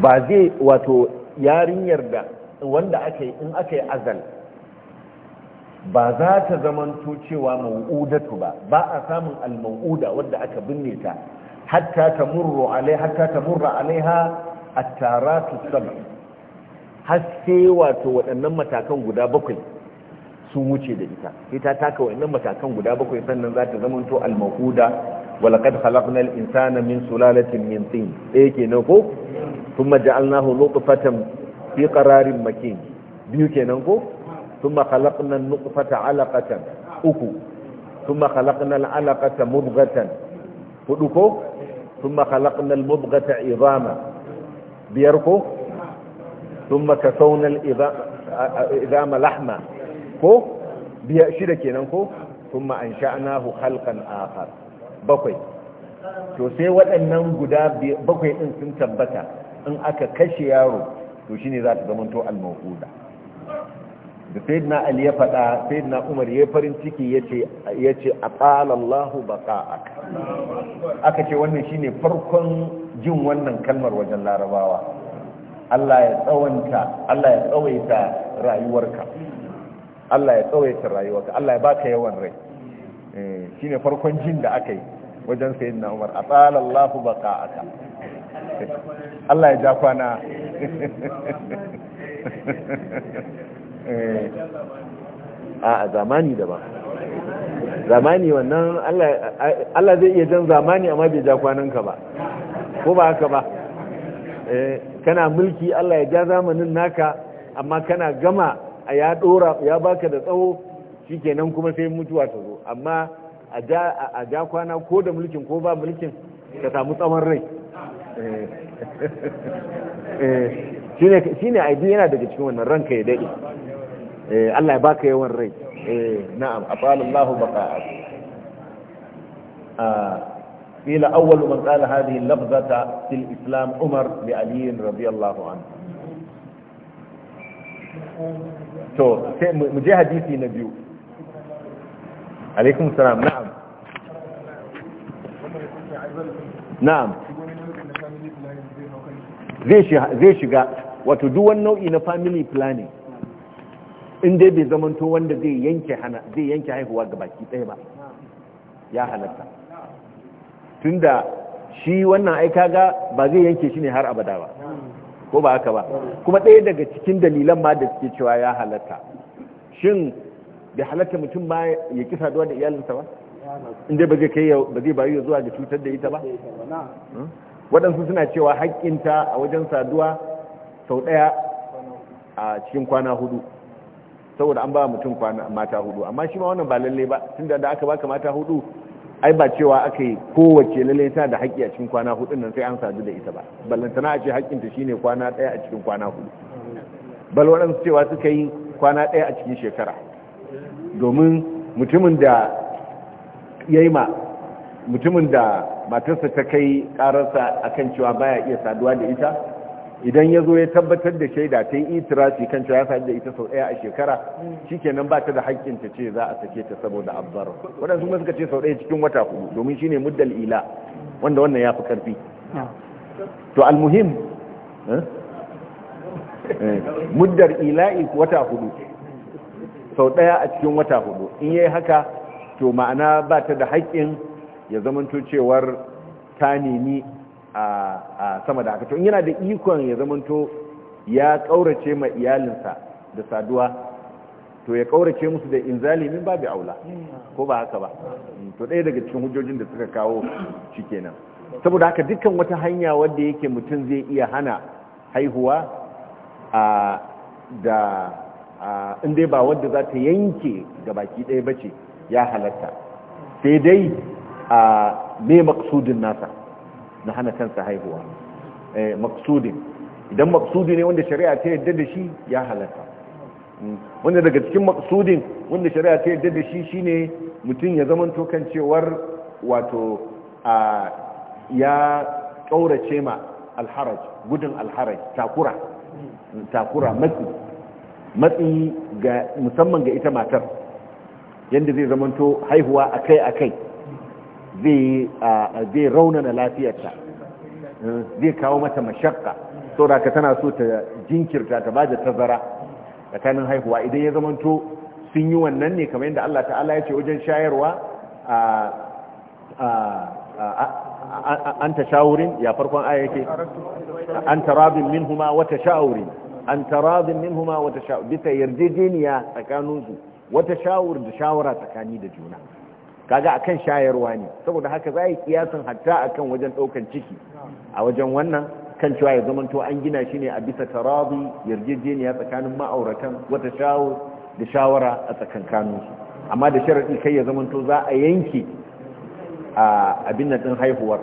S1: ba zai wato yarinyar da wanda aka in aka yi azal ba za ta zamanto cewa mau'udatu ba ba a samun al-mau'uda wadda aka binne ta hatta tamurru alai hatta ta tamurra alaiha at-taratu sab'a har sai wato waɗannan matakan guda bakwai sun wuce da ita ita ta taka waɗannan matakan guda bakwai sannan za ta zamanto al-mahuda wa laqad khalaqnal insana min sulalatin min tin eh kenan ko thumma ja'alnahu nutfatan fi qararin makin biyu kenan ko thumma khalaqna an-nutfata 'alaqatan uku thumma khalaqna al-'alaqata mudghatan hudu ko ثم خلقنا المضغة عظاما بيركو ثم كسونا العظام لحما كو بيأشير كينانكو ثم أنشأناه خلقا آخر بقي to sai waɗannan guda bakwai ɗin sun tabbata in aka kashe yaro to ne za ta zamanto al-mawquda da sayyidina ali ya faɗa sayyidina umar ya farin ciki yace yace aqalallahu baqa'ak aka ce wannan shine farkon jin wannan kalmar wajen larabawa Allah ya tsawanta Allah ya tsawaita rayuwarka Allah ya tsawaita rayuwarka Allah ya baka yawan rai eh, shine farkon jin da aka yi wajen sayyidina umar aqalallahu baqa'ak Allah ya ja kwana Eh. a zamani da ba zamani wannan Allah zai iya jan zamani amma bai ja ka ba ko ba haka ba eh, kana mulki Allah ya ja zamanin naka amma kana gama a ya dora ya baka da tsawo shikenan kuma sai mutuwa ta zo amma a ja kwana ko da mulkin ko ba mulkin ka samu tsawon rai Shi ne aidi yana daga cikin wannan ranka ya daɗe Eh, Allah ya baka yawan rai eh, na'am afalallahu baka a ah, fila awwal man qala hadhihi lafzata fil islam umar li ali radiyallahu anhu to mu je hadisi na biyu alaikum salam na'am na'am zai shiga wato duwan nau'i na family planning in dai bai zamanto wanda zai yanke hana zai yanke haihuwa ga baki tsaye ba ya halatta tunda shi wannan aika ga ba zai yanke shi ne har abada ba ko ba haka ba kuma ɗaya daga cikin dalilan ma da suke cewa ya halatta shin da halatta mutum ba ya ki saduwa da iyalinsa ba dai ba zai kai ba zai bayu zuwa da cutar da ita ba
S2: hmm?
S1: waɗansu suna cewa haƙƙinta a wajen saduwa sau ɗaya a cikin kwana hudu saboda an ba mutum kwana mata hudu amma shi ma wannan ba lalle ba tunda da aka baka mata hudu ai ba cewa aka yi kowace lalle ta da haƙƙi a cikin kwana hudun nan sai an sadu da ita ba ballantana a ce haƙƙinta ne kwana ɗaya a cikin kwana hudu bal waɗansu cewa suka yi kwana ɗaya a cikin shekara domin mutumin da ya yi ma mutumin da matarsa ta kai ƙararsa akan cewa baya iya saduwa da ita idan ya zo ya tabbatar da shaida ta yi itirafi kan cewa ya sa da ita sau ɗaya a shekara shikenan ba ta da haƙƙin ta ce za a sake ta saboda abbar waɗansu kuma suka ce sau ɗaya cikin wata hudu domin shi ne muddal ila wanda wannan ya fi ƙarfi to almuhim eh? eh, muddar ila'i wata hudu sau ɗaya a cikin wata hudu in yi haka to ma'ana ba ta da haƙƙin ya zamanto cewar ta nemi a sama da aka to yana da ikon ya zamanto ya kaurace ma iyalinsa da saduwa to ya kaurace musu da inzali min babu aula ko ba haka ba to ɗaya daga cikin hujjojin da suka kawo shi kenan saboda haka dukkan wata hanya wadda yake mutum zai iya hana haihuwa a da dai ba wadda za ta yanke ga baki ɗaya bace ya halatta sai dai a me maksudin nasa na hana kansa haihuwa eh, maksudin idan maksudi ne wanda shari'a ta yadda da shi ya halatta mm. wanda daga cikin maksudin wanda shari'a ta yadda da shi shine mutum ya zama kan cewar wato a ya ƙaurace ma alharaj gudun alharaj takura mm, takura matsi matsi ga musamman ga ita matar yadda zai zamanto haihuwa akai-akai zai raunana lafiyarta eh, zai kawo mata mashakka da ka tana so ta jinkirta ta ba da tazara tsakanin haihuwa idan ya zamanto sun yi wannan ne kamar yadda Allah ta'ala ya ce wajen shayarwa an ta shawurin ya farkon aya yake an rabin min huma wata sha'urin an rabin min huma wata sha'urin bisa yarjejeniya tsakaninsu wata shawur da shawara tsakani da juna kaga akan shayarwa ne saboda haka za a yi kiyasin hatta akan wajen ɗaukan ciki a wajen wannan kan cewa ya zamanto an gina shi ne a bisa tarabi yarjejeniya tsakanin ma'auratan wata shawo da shawara a tsakankaninsu amma da sharaɗi kai ya zamanto za a yanke a abin nan ɗin haihuwar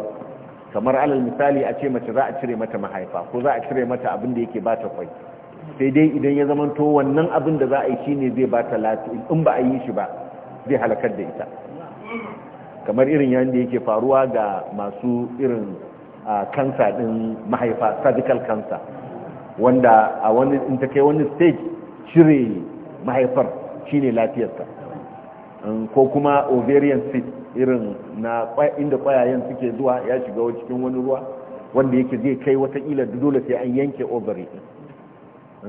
S1: kamar alal misali a ce mace za a cire mata mahaifa ko za a cire mata abin da yake bata kwai sai dai idan ya zamanto wannan abin da za a yi ne zai bata lafiya in ba a yi shi ba zai halakar da ita kamar irin yadda yake faruwa ga masu irin kansa din mahaifa cervical cancer wanda a wani in ta kai wani stage cire mahaifar shine lafiyarsa ko kuma ovarian cyst irin na inda kwayayen suke zuwa ya shiga cikin wani ruwa wanda yake zai kai watakila dole sai an yanke ovary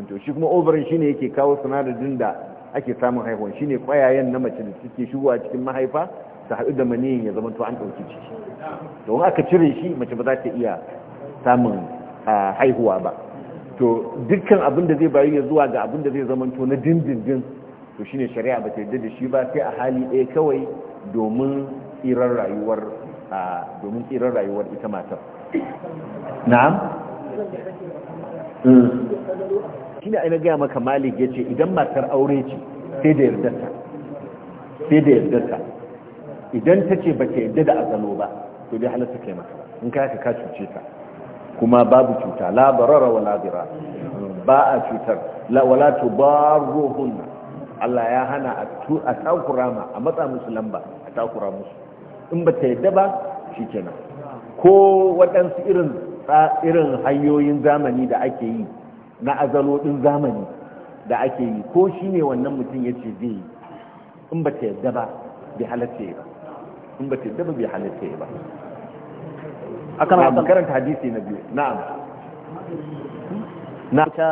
S1: to shi kuma ovary shine yake kawo sinadarin da ake samun haihuwa shine kwayayen na mace da suke shigowa cikin mahaifa ta haɗu da maniyin ya zama tuwa an ɗauki ciki to aka cire shi mace ba za ta iya samun haihuwa ba to dukkan abin da zai bayu ya zuwa ga abin da zai zama to na dindindin to shine shari'a ba ta yarda da shi ba sai a hali ɗaya kawai domin tsirar rayuwar domin tsirar rayuwar ita matar na'am mm. shi ne a na gaya maka malik ya ce idan matar aure ce
S3: sai da yardarta
S1: sai da yardarta idan ta ce ba ta yadda da azalo ba to dai halatta kai mata in ka ka cuce ta kuma babu cuta la barara wala dira ba a cutar la wala tubarruhun Allah ya hana a takura ma a matsa musu lamba a takura musu in ba ta yadda ba shikenan ko waɗansu irin irin hanyoyin zamani da ake yi na azalo din zamani da ake yi ko shine wannan mutum yace zai yi in ba ta yadda ba bai halatta ba in ba ta daba bai halitta ya ba akan hakan karanta hadisi na biyu na'am
S2: na ta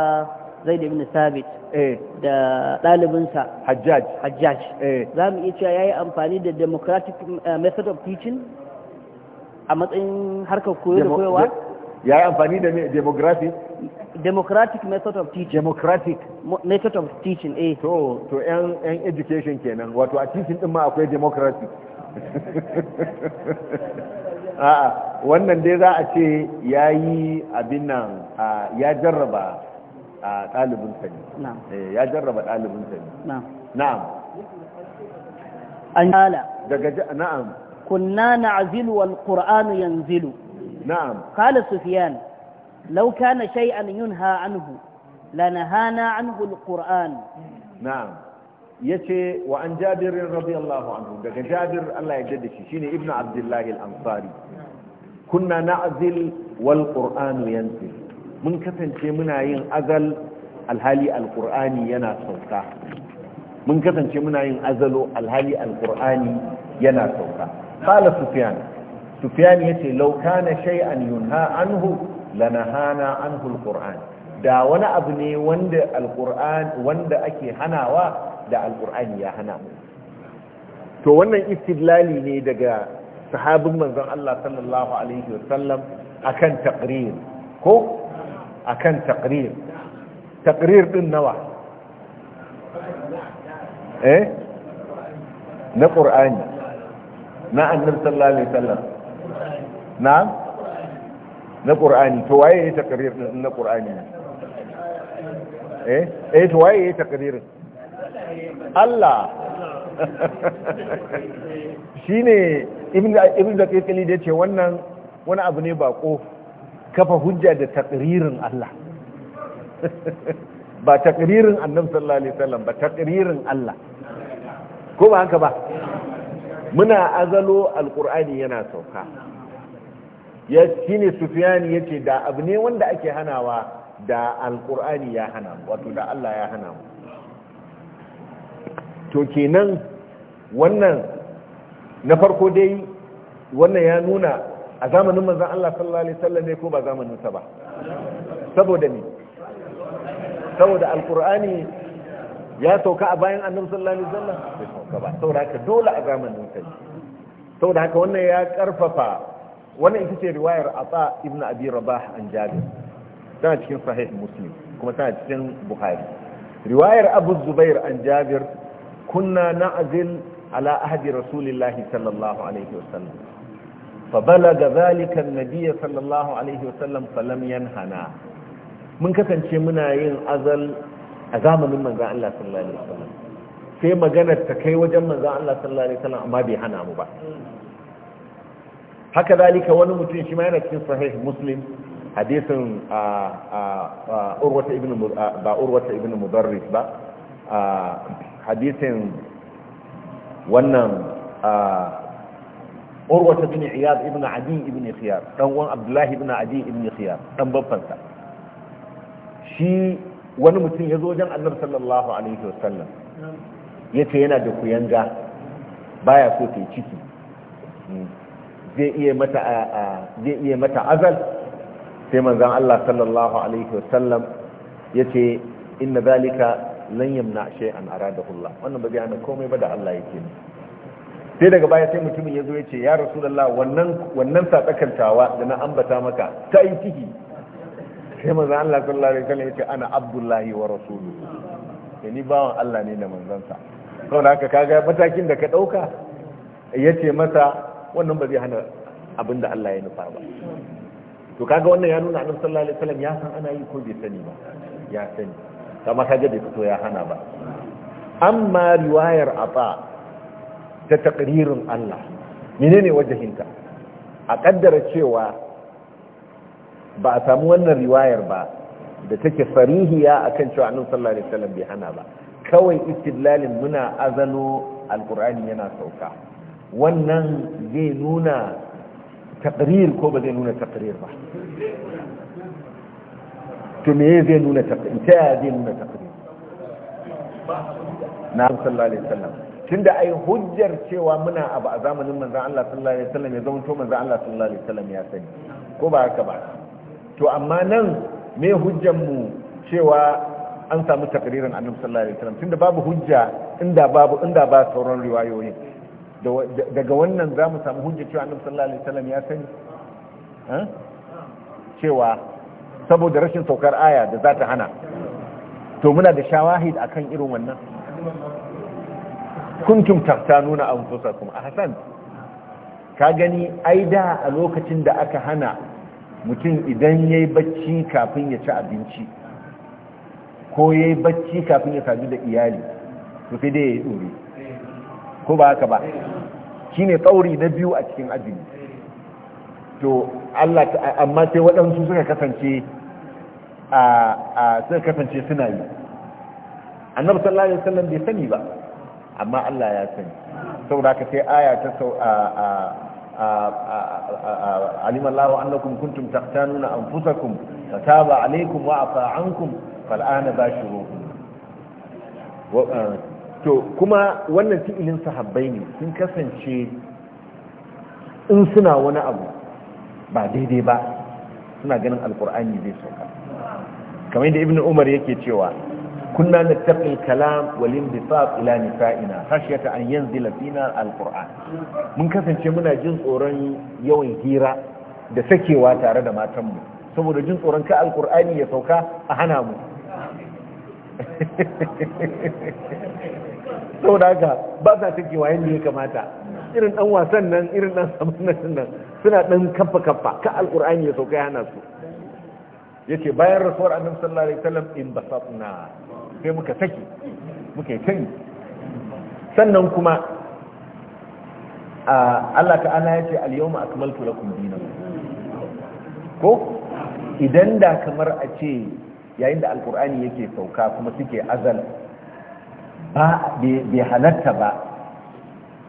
S2: zai da ibn sabit eh. da ɗalibinsa hajjaj hajjaj eh. za mu iya cewa ya yi amfani da democratic eh, method of teaching a matsayin harkar koyo da koyowa
S1: ya yi amfani da demographic
S2: democratic method of teaching
S1: democratic method of teaching eh to to yan education kenan wato a teaching din ma akwai democratic a'a wannan dai za a ce ya yi abin nan ya jarraba a ɗalibinsa ne eh, ya jarraba ɗalibinsa ne na'am
S2: an kala daga na'am kunna na'zilu wal qur'anu yanzilu na'am kala sufyan law kana shay'an yunha anhu lanahana anhu al qur'an na'am yace wa an jabir radiyallahu
S1: anhu daga jabir Allah ya jaddi shi shine ibnu abdullahi al-ansari kunna na'zil wal qur'anu yanzil mun kasance muna yin azal alhali alqur'ani yana sauka mun kasance muna yin azalo alhali alqur'ani yana sauka qala sufyan sufyan yace law kana shay'an yunha anhu lanahana anhu alqur'an da wani abu ne wanda alqur'an wanda ake hanawa da alkur'ani ya hana mu to wannan istidlali ne daga sahabin manzon Allah sallallahu alaihi wasallam akan taqrir ko akan taqrir taqrir din nawa eh na qur'ani na annabi sallallahu alaihi wasallam na'am na qur'ani to waye ya taqrir din na qur'ani eh eh to waye ya taqririn Allah shi ne ibn da kirkali da ce wannan wani abu ne bako kafa hujja da takririn Allah ba takririn annan sallallahu alaihi wasallam ba takririn Allah ko ba haka ba muna azalo alqur'ani yana sauka ya ne sufiyani yake da abu ne wanda ake hanawa da alqur'ani ya hana wato da Allah ya hana mu to kenan wannan na farko dai wannan ya nuna a zamanin manzan Allah sallallahu alaihi wasallam ne ko ba zamanin sa ba saboda ne saboda alkur'ani ya sauka a bayan annabi sallallahu alaihi wasallam bai sauka ba saboda haka dole a zamanin sa saboda haka wannan ya karfafa wannan ita ce riwayar Atha ibn Abi Rabah an Jabir tana cikin sahih Muslim kuma tana cikin buhari riwayar Abu Zubair an Jabir kunna na'zil ala ahdi rasulillahi sallallahu alaihi wasallam fabalaga zalika annabi sallallahu alaihi wasallam falam yanhana mun kasance muna yin azal a zamanin manzon Allah sallallahu alaihi wasallam sai maganar ta kai wajen manzon Allah sallallahu alaihi wasallam amma bai hana mu ba haka zalika wani mutum shi ma yana cikin sahih muslim hadisin urwata ibn ba urwata ibn mudarris ba hadisin wannan urwata bin iyad ibn adi ibn khiyar dan uwan abdullahi ibn adi ibn khiyar dan sa shi wani mutum ya zo wajen annabi sallallahu alaihi wasallam yace yana da kuyanga baya so ta yi ciki hmm. zai iya mata zai iya mata azal sai manzon Allah sallallahu alaihi wasallam yace inna zalika lan yamna shay'an aradahullah wannan ba zai hana komai ba da Allah yake ne sai daga baya sai mutumin yazo yace ya ce ya rasulullah wannan wannan takantawa da na ambata maka ta yi kiki sai manzo Allah sallallahu alaihi wasallam ya ce ana abdullahi wa rasuluhu eh, ya ni bawan Allah ne da sa saboda haka kaga matakin da ka dauka yace masa wannan ba zai hana abin da Allah ya nufa ba to kaga wannan ya nuna annabi sallallahu alaihi wasallam ya san ana yi ko bai sani ba ya sani kama kaga da fito ya hana ba amma riwayar ata ta takririn Allah menene wajahinta a kaddara cewa ba a samu wannan riwayar ba da take farihiya akan cewa annabi sallallahu alaihi wasallam bai hana ba kawai istidlalin muna azano alqur'ani yana sauka wannan zai nuna takrir ko ba zai nuna takrir ba to me zai nuna taqdim ta ya zai nuna taqdim na sallallahu alaihi wasallam tunda ai hujjar cewa muna abu a zamanin manzon Allah sallallahu alaihi wasallam ya zama to manzon Allah sallallahu alaihi wasallam ya sani ko ba haka ba to amma nan me hujjar mu cewa an samu takririn annabi sallallahu alaihi wasallam tunda babu hujja inda babu inda ba sauran riwayoyin daga wannan za mu samu hujja cewa annabi sallallahu alaihi wasallam ya sani cewa saboda rashin saukar aya da za ta hana to muna da shawahid akan irin wannan kuntum taftanuna A Hassan, ka gani ai da a lokacin da aka hana mutum idan ya yi bacci kafin ya ci abinci ko ya yi bacci kafin ya sadu da iyali to sai dai ya yi tsori, ko ba haka ba ne tsauri na biyu a cikin azumi to Allah amma sai waɗansu suka kasance a suka kasance suna yi annabi sallallahu alaihi wasallam bai sani ba amma Allah ya sani saboda ka sai aya ta sau a a alima Allah annakum kuntum taqtanuna anfusakum fataba alaikum wa afa ankum fal'ana bashiruhum to kuma wannan fi'ilin sahabbai ne sun kasance in suna wani abu ba daidai ba suna ganin alkur'ani zai sauka kamar yadda ibn umar yake cewa kunna nattaqi kalam walin inbisat ila nisa'ina khashyata an yanzila fina alkur'an mun kasance muna jin tsoron yawan hira da sakewa tare da matanmu saboda jin tsoron ka alkur'ani ya sauka a hana mu saboda haka ba sa sakewa yadda ya kamata irin dan wasan nan irin dan sabanin nan suna dan kafa kafa ka alqur'ani ya sauka yana su yace bayan rasuwar annabi sallallahu alaihi wasallam in basatna sai muka saki muka yi sannan kuma Allah ta'ala yace al-yawma akmaltu lakum dinakum ko idan da kamar a ce yayin da alqur'ani yake sauka kuma suke azal ba bai halatta ba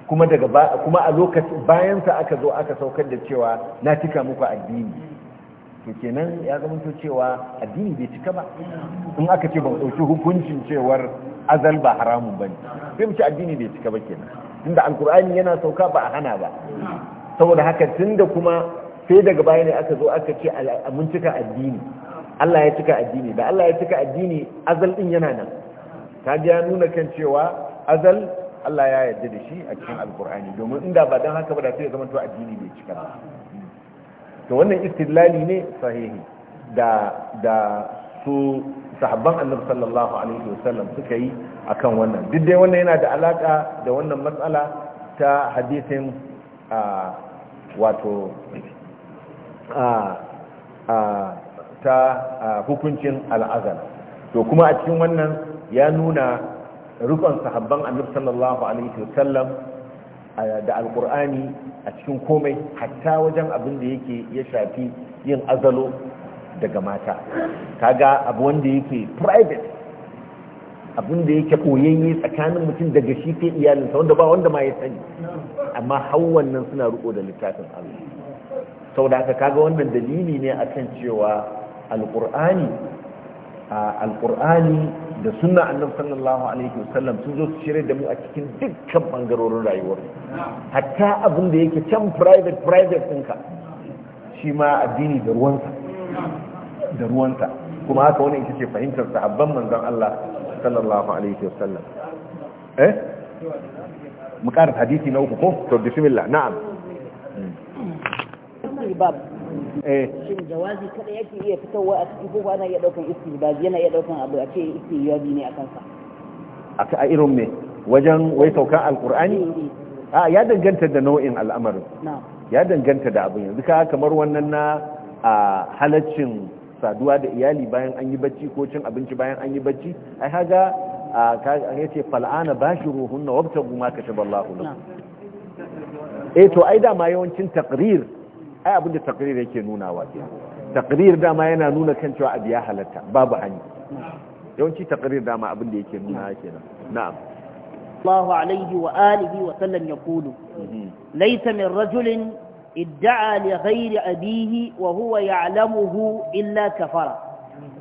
S1: kuma daga kuma a lokaci bayan sa aka zo aka saukar da cewa na cika muku addini to kenan ya zama cewa addini bai cika ba in aka ce ban dauki hukuncin cewar azal ba haramun bane sai mu ce addini bai cika ba kenan tunda alkur'ani yana sauka ba a hana ba saboda haka tunda kuma sai daga baya ne aka zo aka ce mun cika addini Allah ya cika addini da Allah ya cika addini azal din yana nan kaga ya nuna kan cewa azal Allah ya yarda da shi a cikin alkur'ani domin inda ba dan haka ba da sai zama to addini bai cika ba to wannan istidlali ne sahihi da da su sahabban annabi sallallahu alaihi wasallam suka yi akan wannan duk dai wannan yana da alaka da wannan matsala ta hadisin a wato a ta hukuncin al'azan to kuma a cikin wannan ya nuna rukun sahabban annabi sallallahu alaihi wasallam da alqur'ani a cikin komai hatta wajen abin da yake ya shafi yin azalo daga mata kaga abu wanda yake private abin da yake koyayye tsakanin mutum daga shi ke iyalinsa wanda ba wanda ma ya sani amma hawan nan suna ruko da littafin Allah saboda haka kaga wannan dalili ne akan cewa alkur'ani alƙur'ani da suna annabi sallallahu alaihi wasallam sun zo su shirya da mu a cikin dukkan bangarorin rayuwar hatta abin da yake can private private ɗinka shi ma addini da ruwansa da ruwansa kuma haka wani ita ce fahimtar sahabban manzon Allah sallallahu alaihi wasallam eh mu ƙara hadisi na uku ko to bismillah na'am bab Eh. shin
S2: jawazi kada yake iya fitowa a cikin ko ana iya daukan yana iya daukan abu a ce ne
S1: aka a irin me wajen wai saukan alqur'ani eh, eh. a ya danganta da nau'in al'amarin ya danganta da abin yanzu ka kamar wannan na a halaccin saduwa da iyali bayan an yi bacci ko cin abinci bayan an yi bacci ai haga kaga ce fal'ana ba shi ruhun na wabtar gumaka ka shabar lahunan eh to ai dama yawancin takrir ai da takrir yake nunawa ke takrir dama yana nuna kan cewa abu ya halatta babu hani yawanci takrir dama da yake nuna kenan
S2: na'am الله عليه وآله وسلم يقول ليس من رجل ادعى لغير أبيه وهو يعلمه إلا كفر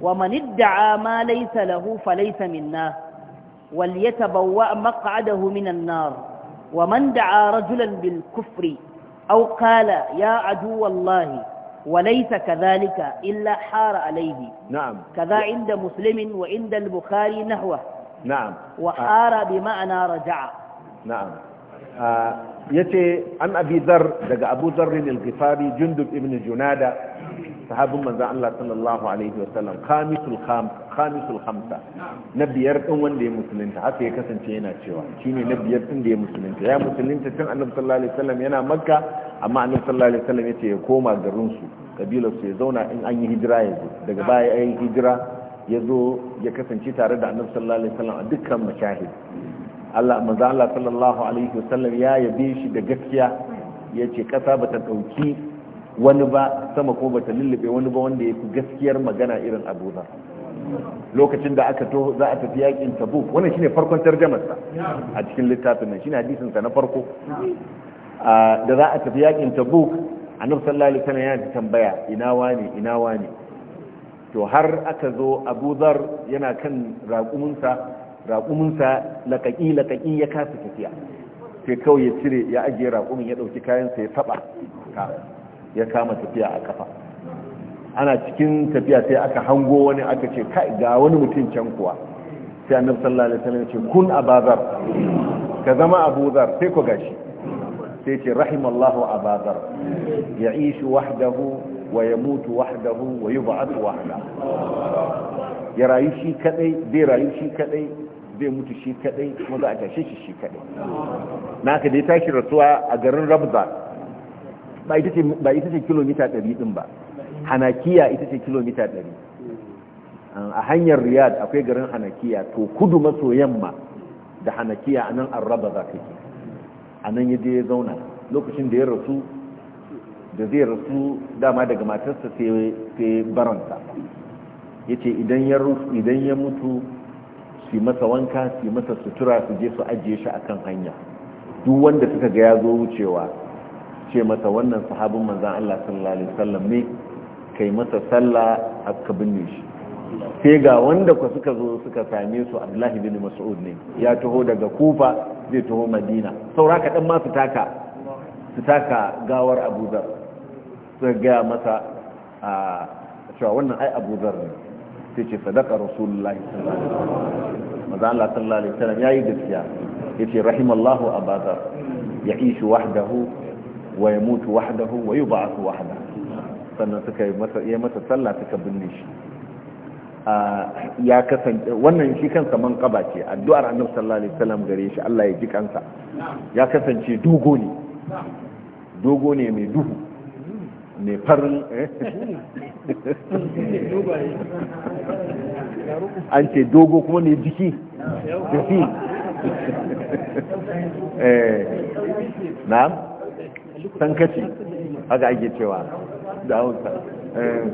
S2: ومن ادعى ما ليس له فليس منا وليتبوأ مقعده من النار ومن دعا رجلا بالكفر أو قال يا عدو الله وليس كذلك إلا حار عليه نعم كذا عند مسلم وعند البخاري نحوه نعم وحار بمعنى رجع
S1: نعم آه يتي عن أبي ذر دقى أبو ذر الغفاري جندب ابن جنادة sahabin manzan Allah sallallahu alaihi wasallam khamisul kham khamisul khamsa na biyar din wanda ya musulunta haka ya kasance yana cewa shine na biyar din da ya musulunta ya musulunta tun annabi sallallahu alaihi wasallam yana makka amma annabi sallallahu alaihi wasallam yace ya koma garin su kabilar su ya zauna in an yi hijira ya zo daga baya ayi hijira ya zo ya kasance tare da annabi sallallahu alaihi wasallam a dukkan mashahid Allah manzan Allah sallallahu alaihi wasallam ya yabe shi da gaskiya yace kasa bata dauki wani ba sama ko bata lullube wani ba wanda ya fi gaskiyar magana irin abu zar lokacin da aka to za a tafi yakin tabuk wannan shine farkon tarjamarsa a cikin littafin nan shine hadisin sa na farko da za a tafi yakin tabuk annabi sallallahu alaihi wasallam yana tambaya ina wani ina wani to har aka zo Abu Dhar yana kan raƙuminsa raƙuminsa laƙaƙi laƙaƙi ya kasa tafiya sai kawai ya cire ya ajiye raƙumin ya ɗauki kayansa ya taɓa ya kama tafiya a kafa ana cikin tafiya sai aka hango wani aka ce kai ga wani mutum can kuwa sai annabi sallallahu alaihi wasallam ce kun abazar ka zama abuzar sai ku gashi sai ce rahimallahu abazar ya'ishu wahdahu wa yamutu wahdahu wa yub'athu wahdahu ya rayu shi kadai zai rayu shi kadai bai mutu shi kadai kuma za a tashi shi shi kadai naka dai tashi rasuwa a garin rabza ba ita ce kilomita ɗari din ba
S3: hanakiya
S1: ita ce kilomita ɗari a hanyar riyad akwai garin hanakiya to kudu maso yamma da hanakiya a nan arraba za ka a nan ya ya zauna lokacin da ya rasu da zai rasu dama daga matarsa sai baransa ya ce idan ya mutu su masa wanka su masa sutura su je su ajiye shi akan hanya duk wanda suka ga ya zo wucewa ce masa wannan sahabin manzan Allah sallallahu alaihi wasallam ne kai masa sallah aka binne shi sai ga wanda ku suka zo suka same su Abdullahi bin Mas'ud ne ya taho daga Kufa zai taho Madina saura ka dan ma su taka su taka gawar Abu Dhar sai ga masa a cewa wannan ai Abu Dhar ne sai ce sadaka Rasulullahi sallallahu alaihi wasallam manzan Allah sallallahu alaihi wasallam yayi gaskiya yace rahimallahu Abu ya ishi wahdahu wa ya mutu wahdahu wa yub'athu wahda sannan suka yi masa yi masa sallah suka binne shi ya kasance wannan shi kansa man kaba ce addu'ar annabi sallallahu alaihi wasallam gare shi Allah ya ji kansa ya kasance dogo ne dogo ne mai duhu mai farin eh? an ce dogo kuma ne jiki
S3: da fi eh, na'am
S1: San sankaci haka ake cewa da hausa eh.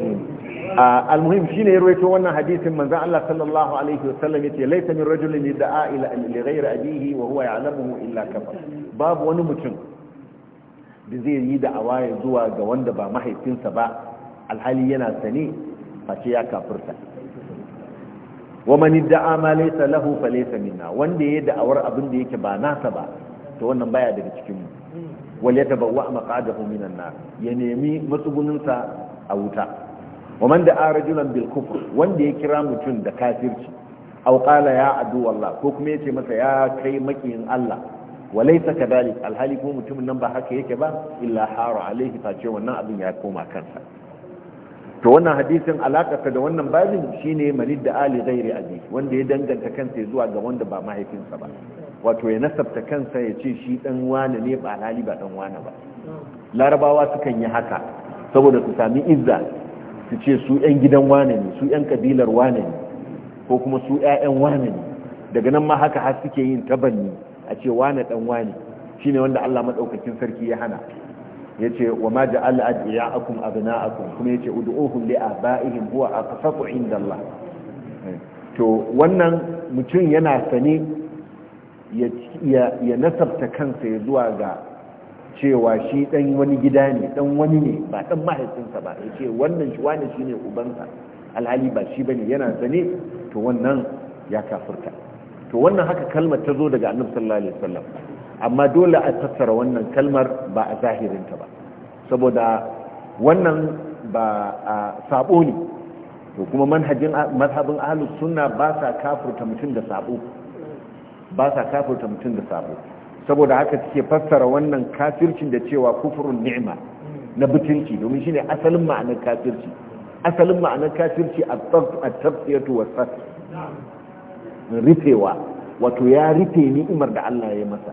S3: Eh.
S1: almuhim shine ya rawaito wannan hadisin manzon Allah sallallahu alaihi wa wasallam yace laysa min rajulin yad'a ila li ghayri abihi wa huwa ya'lamuhu illa kafa. babu wani mutum da zai yi da'awa ya zuwa ga wanda ba mahaifinsa ba alhali yana sane face ya kafirta wa man idda'a ma laysa lahu fa laysa minna wanda ya da'awar abin da yake ba nasa ba to wannan baya daga cikin mu wal yatabawwa maqadahu minan nar ya nemi matsugunin sa a wuta wa man da rajulan bil kufr wanda ya kira mutum da kafirci aw qala ya adu wallah ko kuma yace masa ya kai makiyin Allah walaysa kadalik kadhalik alhali ko mutumin nan ba haka yake ba illa haru ta ce wannan abin ya koma kansa to wannan hadisin alakarta da wannan babin shine malid da ali ghairi aziz wanda ya danganta kansa zuwa ga wanda ba mahaifinsa ba wato ya nasabta kansa ya ce shi dan wane ne ba Lali ba dan wane ba larabawa sukan yi haka saboda su sami izza su ce su yan gidan wane ne su yan kabilar wane ne ko kuma su ƴaƴan wane ne daga nan ma haka har suke yin tabanni a ce wane dan wane shine wanda Allah madaukakin sarki ya hana yace wa ma ja'ala adiya'akum abna'akum kuma yace ud'uhum li aba'ihim huwa aqsatu indallah to wannan mutum yana sane ya nasabta kansa ya zuwa ga cewa shi dan wani gida ne dan wani ne ba dan mahaifinsa ba ya ce wannan shi wani shi ne ubansa alhali ba shi bane yana sane to wannan ya kafurta to wannan haka kalmar ta zo daga annabi sallallahu alaihi wasallam amma dole a tattara wannan kalmar ba a zahirinta ba saboda wannan ba a sabo ne to kuma manhajin mazhabin ahlus sunna ba sa kafurta mutum da sabo ba sa kafirta mutum da sabo saboda haka suke fassara wannan kafircin da cewa kufurun ni'ima na butulci domin shine asalin ma'anar kafirci asalin ma'anar kafirci a tafsiyatu wa sat rufewa wato ya rufe ni'imar da Allah ya masa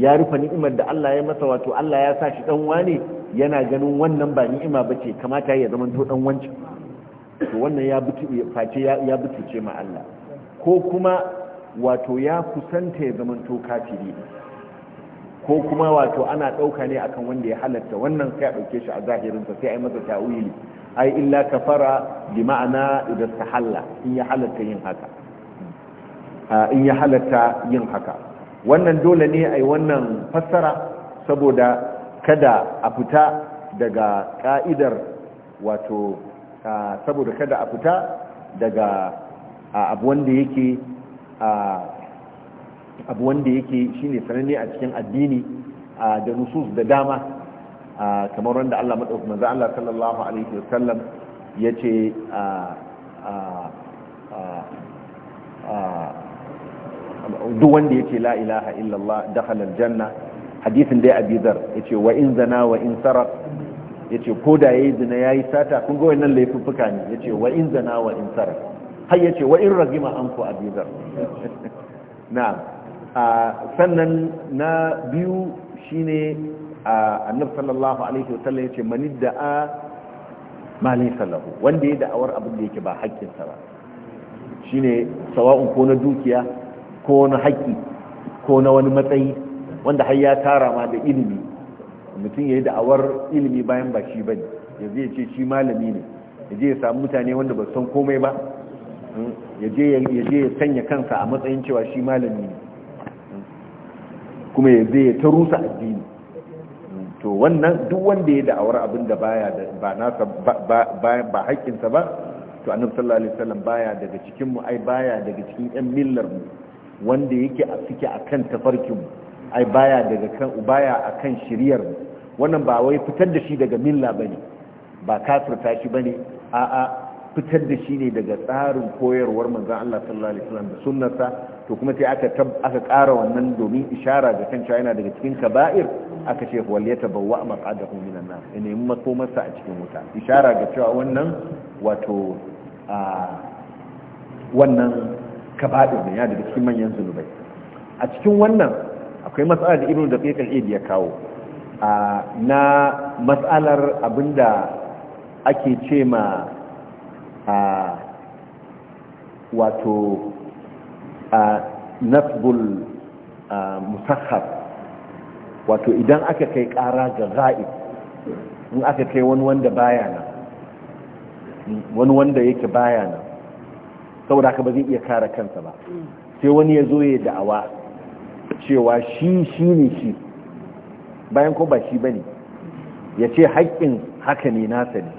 S1: ya rufe ni'imar da Allah ya masa wato Allah ya sa shi dan wane yana ganin wannan ba ni'ima bace kamata ya zama to dan wancin to wannan ya butu face ya butuce ma Allah ko kuma wato ya kusanta ya zama zamanto kafiri ko kuma wato ana ɗauka ne akan wanda ya halatta wannan sai a ɗauke shi a zahirinsa sai a yi masa ta'wili ai illa kafara bi ma'ana idan halla in ya halatta yin haka in ya halatta yin haka wannan dole ne ai wannan fassara saboda kada a fita daga ka'idar wato saboda kada a fita daga abu wanda yake abu wanda yake shine sananne a cikin addini da nusus da dama kamar wanda Allah madaukakin manzo Allah sallallahu alaihi wasallam yace duk wanda yake la ilaha illallah dakhala aljanna hadisin dai abi dhar yace wa in zana wa in sarat yace ko da yayi zina yayi sata kun ga wannan laifuffuka ne yace wa in zana wa in sarat har yace wa in ragima anku abi na'am sannan na biyu shine annabi sallallahu alaihi wasallam yace man da'a ma wanda ya da'awar abin da yake ba haƙƙin sa ba shine sawa'un ko na dukiya ko na haƙƙi ko na wani matsayi wanda har ya tara ma da ilimi mutum yayi da'awar ilimi bayan ba shi bane yanzu ya ce shi malami ne ya je ya samu mutane wanda ba san komai ba ya je ya sanya kansa a matsayin cewa shi malami ne kuma ya zai ta rusa addini to wannan duk wanda ya da'awar abin da ba ba haƙƙinsa ba to annabi sallallahu alaihi wasallam baya daga cikin mu ai baya daga cikin ɗan millar mu wanda yake a suke kan tafarkin mu ai baya daga kan baya kan shiriyar mu wannan ba wai fitar da shi daga milla bane ba kafirta shi bane a'a fitar da shi ne daga tsarin koyarwar manzan Allah sallallahu alaihi wasallam da sunnarsa to kuma sai aka aka ƙara wannan domin ishara ga kan cewa yana daga cikin kaba'ir aka ce wal yatabawwa maq'adahu minan Ina ya nemi masa a cikin wuta ishara ga cewa wannan wato a wannan kaba'ir ne ya daga cikin manyan zunubai a cikin wannan akwai matsala da ibnu daqiq al-id ya kawo na matsalar abinda ake ce ma a wato a nasbul musakhar wato idan aka kai kara ga za'id in aka kai wani wanda baya nan wani wanda yake baya nan saboda haka ba zai iya kara kansa ba sai wani ya zo ya da'awa cewa shi shi ne shi bayan ko ba shi ba ne ya ce haƙƙin haka ne nasa ne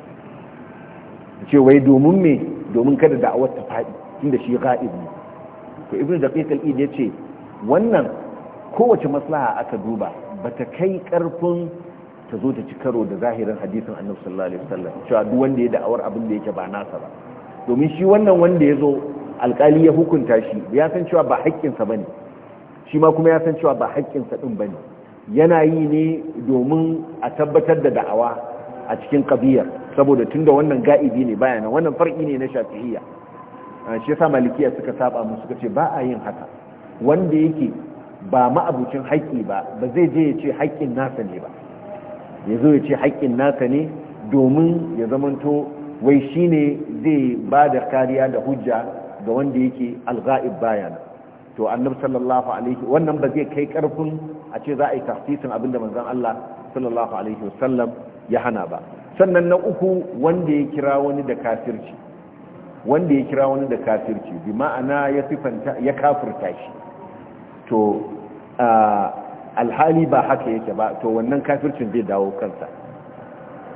S1: ce wai domin me domin kada da'awar ta faɗi inda shi ga'ib ne to ibn daqiq al-id yace wannan kowace maslaha aka duba bata kai karfin ta zo ta ci karo da zahirin hadisin annabi sallallahu alaihi wasallam cewa duk wanda ya da'awar abin da yake ba nasa ba domin shi wannan wanda ya zo alkali ya hukunta shi ya san cewa ba haƙƙinsa ba ne shi ma kuma ya san cewa ba haƙƙinsa ɗin ba ne yana yi ne domin a tabbatar da da'awa a cikin ƙabiyar saboda tun da wannan ga'ibi ne baya wannan far'i ne na shafi'iyya ah, shi yasa malikiya suka saba mu suka ce ba a yin haka wanda yake ba ma'abucin haƙƙi ba ba zai je ya ce haƙƙin nasa ne ba ya zo ya ce haƙƙin nasa ne domin ya zamanto wai shi ne zai ba da kariya da hujja ga wanda yake alga'ib bayan to annab sallallahu alaihi wannan ba zai kai karfin a ce za a yi tafsirin abinda manzon Allah sallallahu alaihi wasallam ya hana ba sannan na uku wanda ya kira wani da kafirci wanda ya kira wani da kafirci bi ma'ana ya sifanta ya kafirta shi to alhali ba haka yake ba to wannan kafircin zai dawo kansa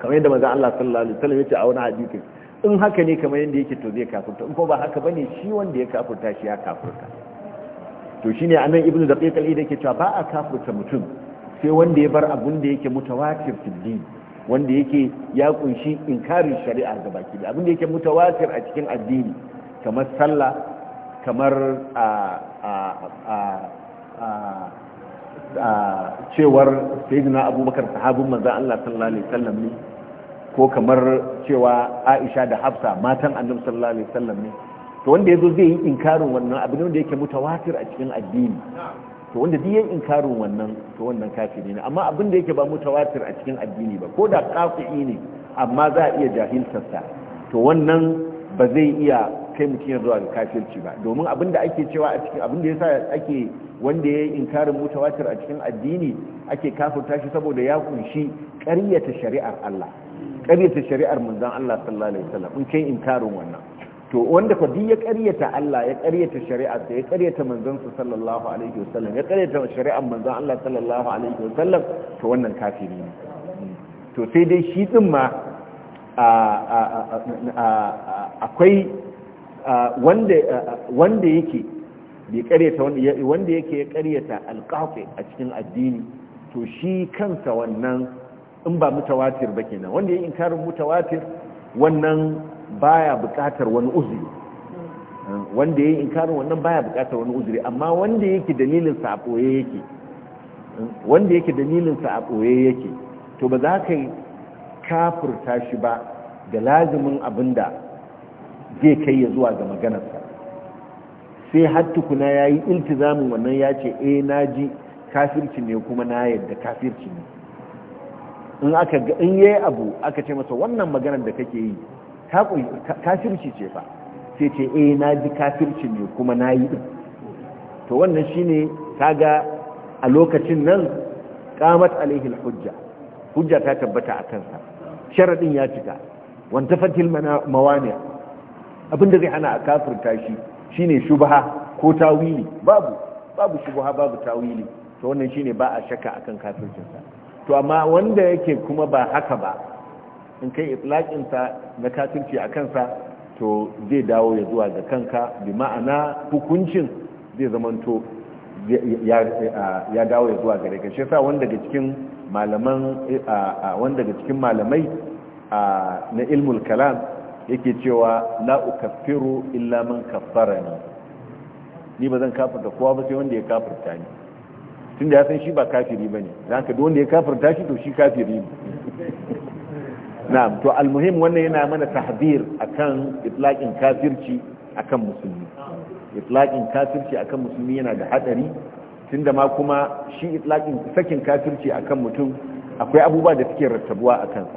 S1: kamar yadda manzon Allah sallallahu alaihi wasallam yace a wani hadisi in haka ne kamar yadda yake to zai kafirta in ko ba haka bane shi wanda ya kafirta shi ya kafirta to shine anan ibnu daqiq al idi yake cewa ba a kafirta mutum sai wanda ya bar abun da yake mutawatir fil din wanda yake ya kunshi inkarin shari'a ga baki da abin da yake mutawatir a cikin addini kamar sallah kamar cewar sayyidina abubakar sahabin manzon Allah sallallahu alaihi wasallam ne ko kamar cewa Aisha da Hafsa matan annabi sallallahu alaihi wasallam ne to wanda yazo zai yi inkarin wannan abin da yake mutawatir a cikin addini to wanda duk yan inkarin wannan to wannan kafiri ne amma abin da yake ba mutawatir a cikin addini ba ko da kafi'i ne amma za a iya sa to wannan ba zai iya kai mutum zuwa ga kafirci ba domin abin da ake cewa a cikin abin da yasa ake wanda ya yi inkarin mutawatir a cikin addini ake kafirta shi saboda ya kunshi ƙaryata shari'ar Allah ƙaryata shari'ar manzon Allah sallallahu alaihi wasallam in kai inkarin wannan to wanda fa ya ƙaryata Allah ya ƙaryata da ya ƙaryata manzansa sallallahu alaihi wasallam ya ƙaryata shari'ar manzon Allah sallallahu alaihi wasallam to wannan kafiri ne to sai dai shi din ma akwai wanda wanda yake bai ƙaryata wanda yake ya ƙaryata alqafi a cikin addini to shi kansa wannan in ba mutawatir ba kenan wanda ya inkarin mutawatir wannan baya buƙatar wani uzuri wanda yayi inkarin wannan baya buƙatar wani uzuri amma wanda yake dalilin sa a boye yake wanda yake dalilin sa a boye yake to ba za ka kafurta shi ba da lazimin da zai kai ya zuwa ga maganarsa sai har tukuna ya yi iltizamin wannan ya ce eh na ji kafirci ne kuma na yadda kafirci ne in aka in yayi abu aka ce masa wannan maganar da kake yi ta kafirci ce ba sai ce eh na ji kafirci ne kuma na yi din to wannan shine kaga a lokacin nan qamat alaihi alhujja hujja ta tabbata a kansa sharadin ya cika wan tafatil mawani abinda zai hana a kafirta shi shine shubha ko tawili babu babu shubha babu tawili to wannan shine ba a shaka akan kafircinsa to amma wanda yake kuma ba haka ba in kai itlaƙinsa na kafirci a kansa to zai dawo ya zuwa ga kanka bi ma'ana hukuncin zai zamanto ya dawo ya zuwa gare ka shi yasa wanda daga cikin malaman wanda daga cikin malamai na ilmul kalam yake cewa la ukaffiru illa kafara ne ni ba zan kafarta kowa ba sai wanda ya kafarta tun da ya san shi ba kafiri bane zaka duk wanda ya kafarta shi to shi kafiri ne na'am to almuhim wannan yana mana tahdir akan itlaqin kafirci akan musulmi itlaqin kafirci akan musulmi yana da hadari tunda ma kuma shi itlaqin sakin kafirci akan mutum akwai abubuwa da suke rattabuwa akan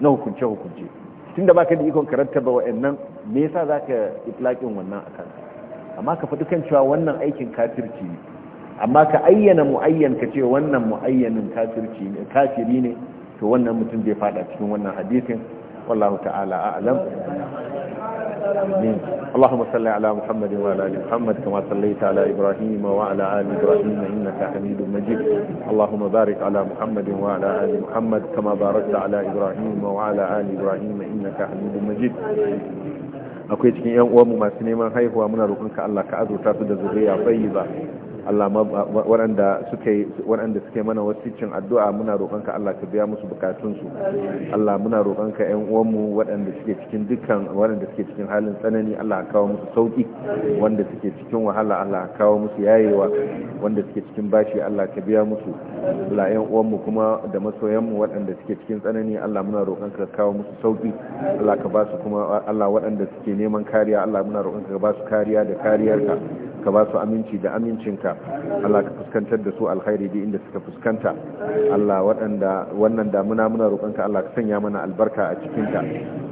S1: na hukunce hukunce tunda baka da ikon karattaba wa'annan me yasa zaka itlaqin wannan akan amma ka faɗi kan cewa wannan aikin kafirci ne amma ka ayyana muayyan ka ce wannan muayyanin kafirci ne kafiri ne to wannan mutum bai fada cikin wannan hadisin wallahu ta'ala a'lam Allahumma salli ala Muhammadin wa ala Muhammad kama sallaita ala Ibrahim wa ala ali Ibrahim innaka Hamidum Majid Allahumma barik ala Muhammadin wa ala Muhammad kama barakta ala Ibrahim wa ala ali Ibrahim innaka Hamidum Majid akwai cikin yan uwanmu masu neman haihuwa muna roƙonka Allah ka azurta su da zuriya tayyiba Allah waɗanda suke waɗanda suke mana wasicin addu'a muna roƙonka Allah ka biya musu bukatunsu Allah muna roƙonka ƴan uwanmu waɗanda suke cikin dukkan waɗanda suke cikin halin tsanani Allah ka kawo musu sauki wanda suke cikin wahala Allah ka kawo musu yayewa wanda suke cikin bashi Allah ka biya musu Allah ƴan uwanmu kuma da masoyanmu waɗanda suke cikin tsanani Allah muna roƙonka ka kawo musu sauki Allah ka ba su kuma Allah waɗanda suke neman kariya Allah muna roƙonka ka ba su kariya da kariyarka ka ba su aminci da amincinka Allah ka fuskantar da su alkhairi da inda suka fuskanta Allah waɗanda wannan damuna muna roƙonka Allah ka sanya mana albarka a cikinta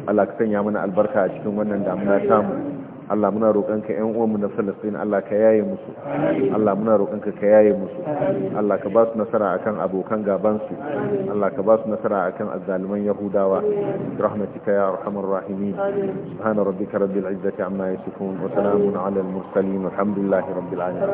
S1: Allah ka sanya mana albarka a cikin wannan damuna tamu Allah muna roƙonka ƴan uwanmu na Falastin Allah ka yaye musu Allah muna roƙonka ka yaye musu Allah ka ba su nasara akan abokan gaban su Allah ka ba su nasara akan azzaluman Yahudawa rahmatika ya arhamar rahimin subhana rabbika rabbil izzati amma yasifun wa salamun ala al mursalin walhamdulillahi rabbil alamin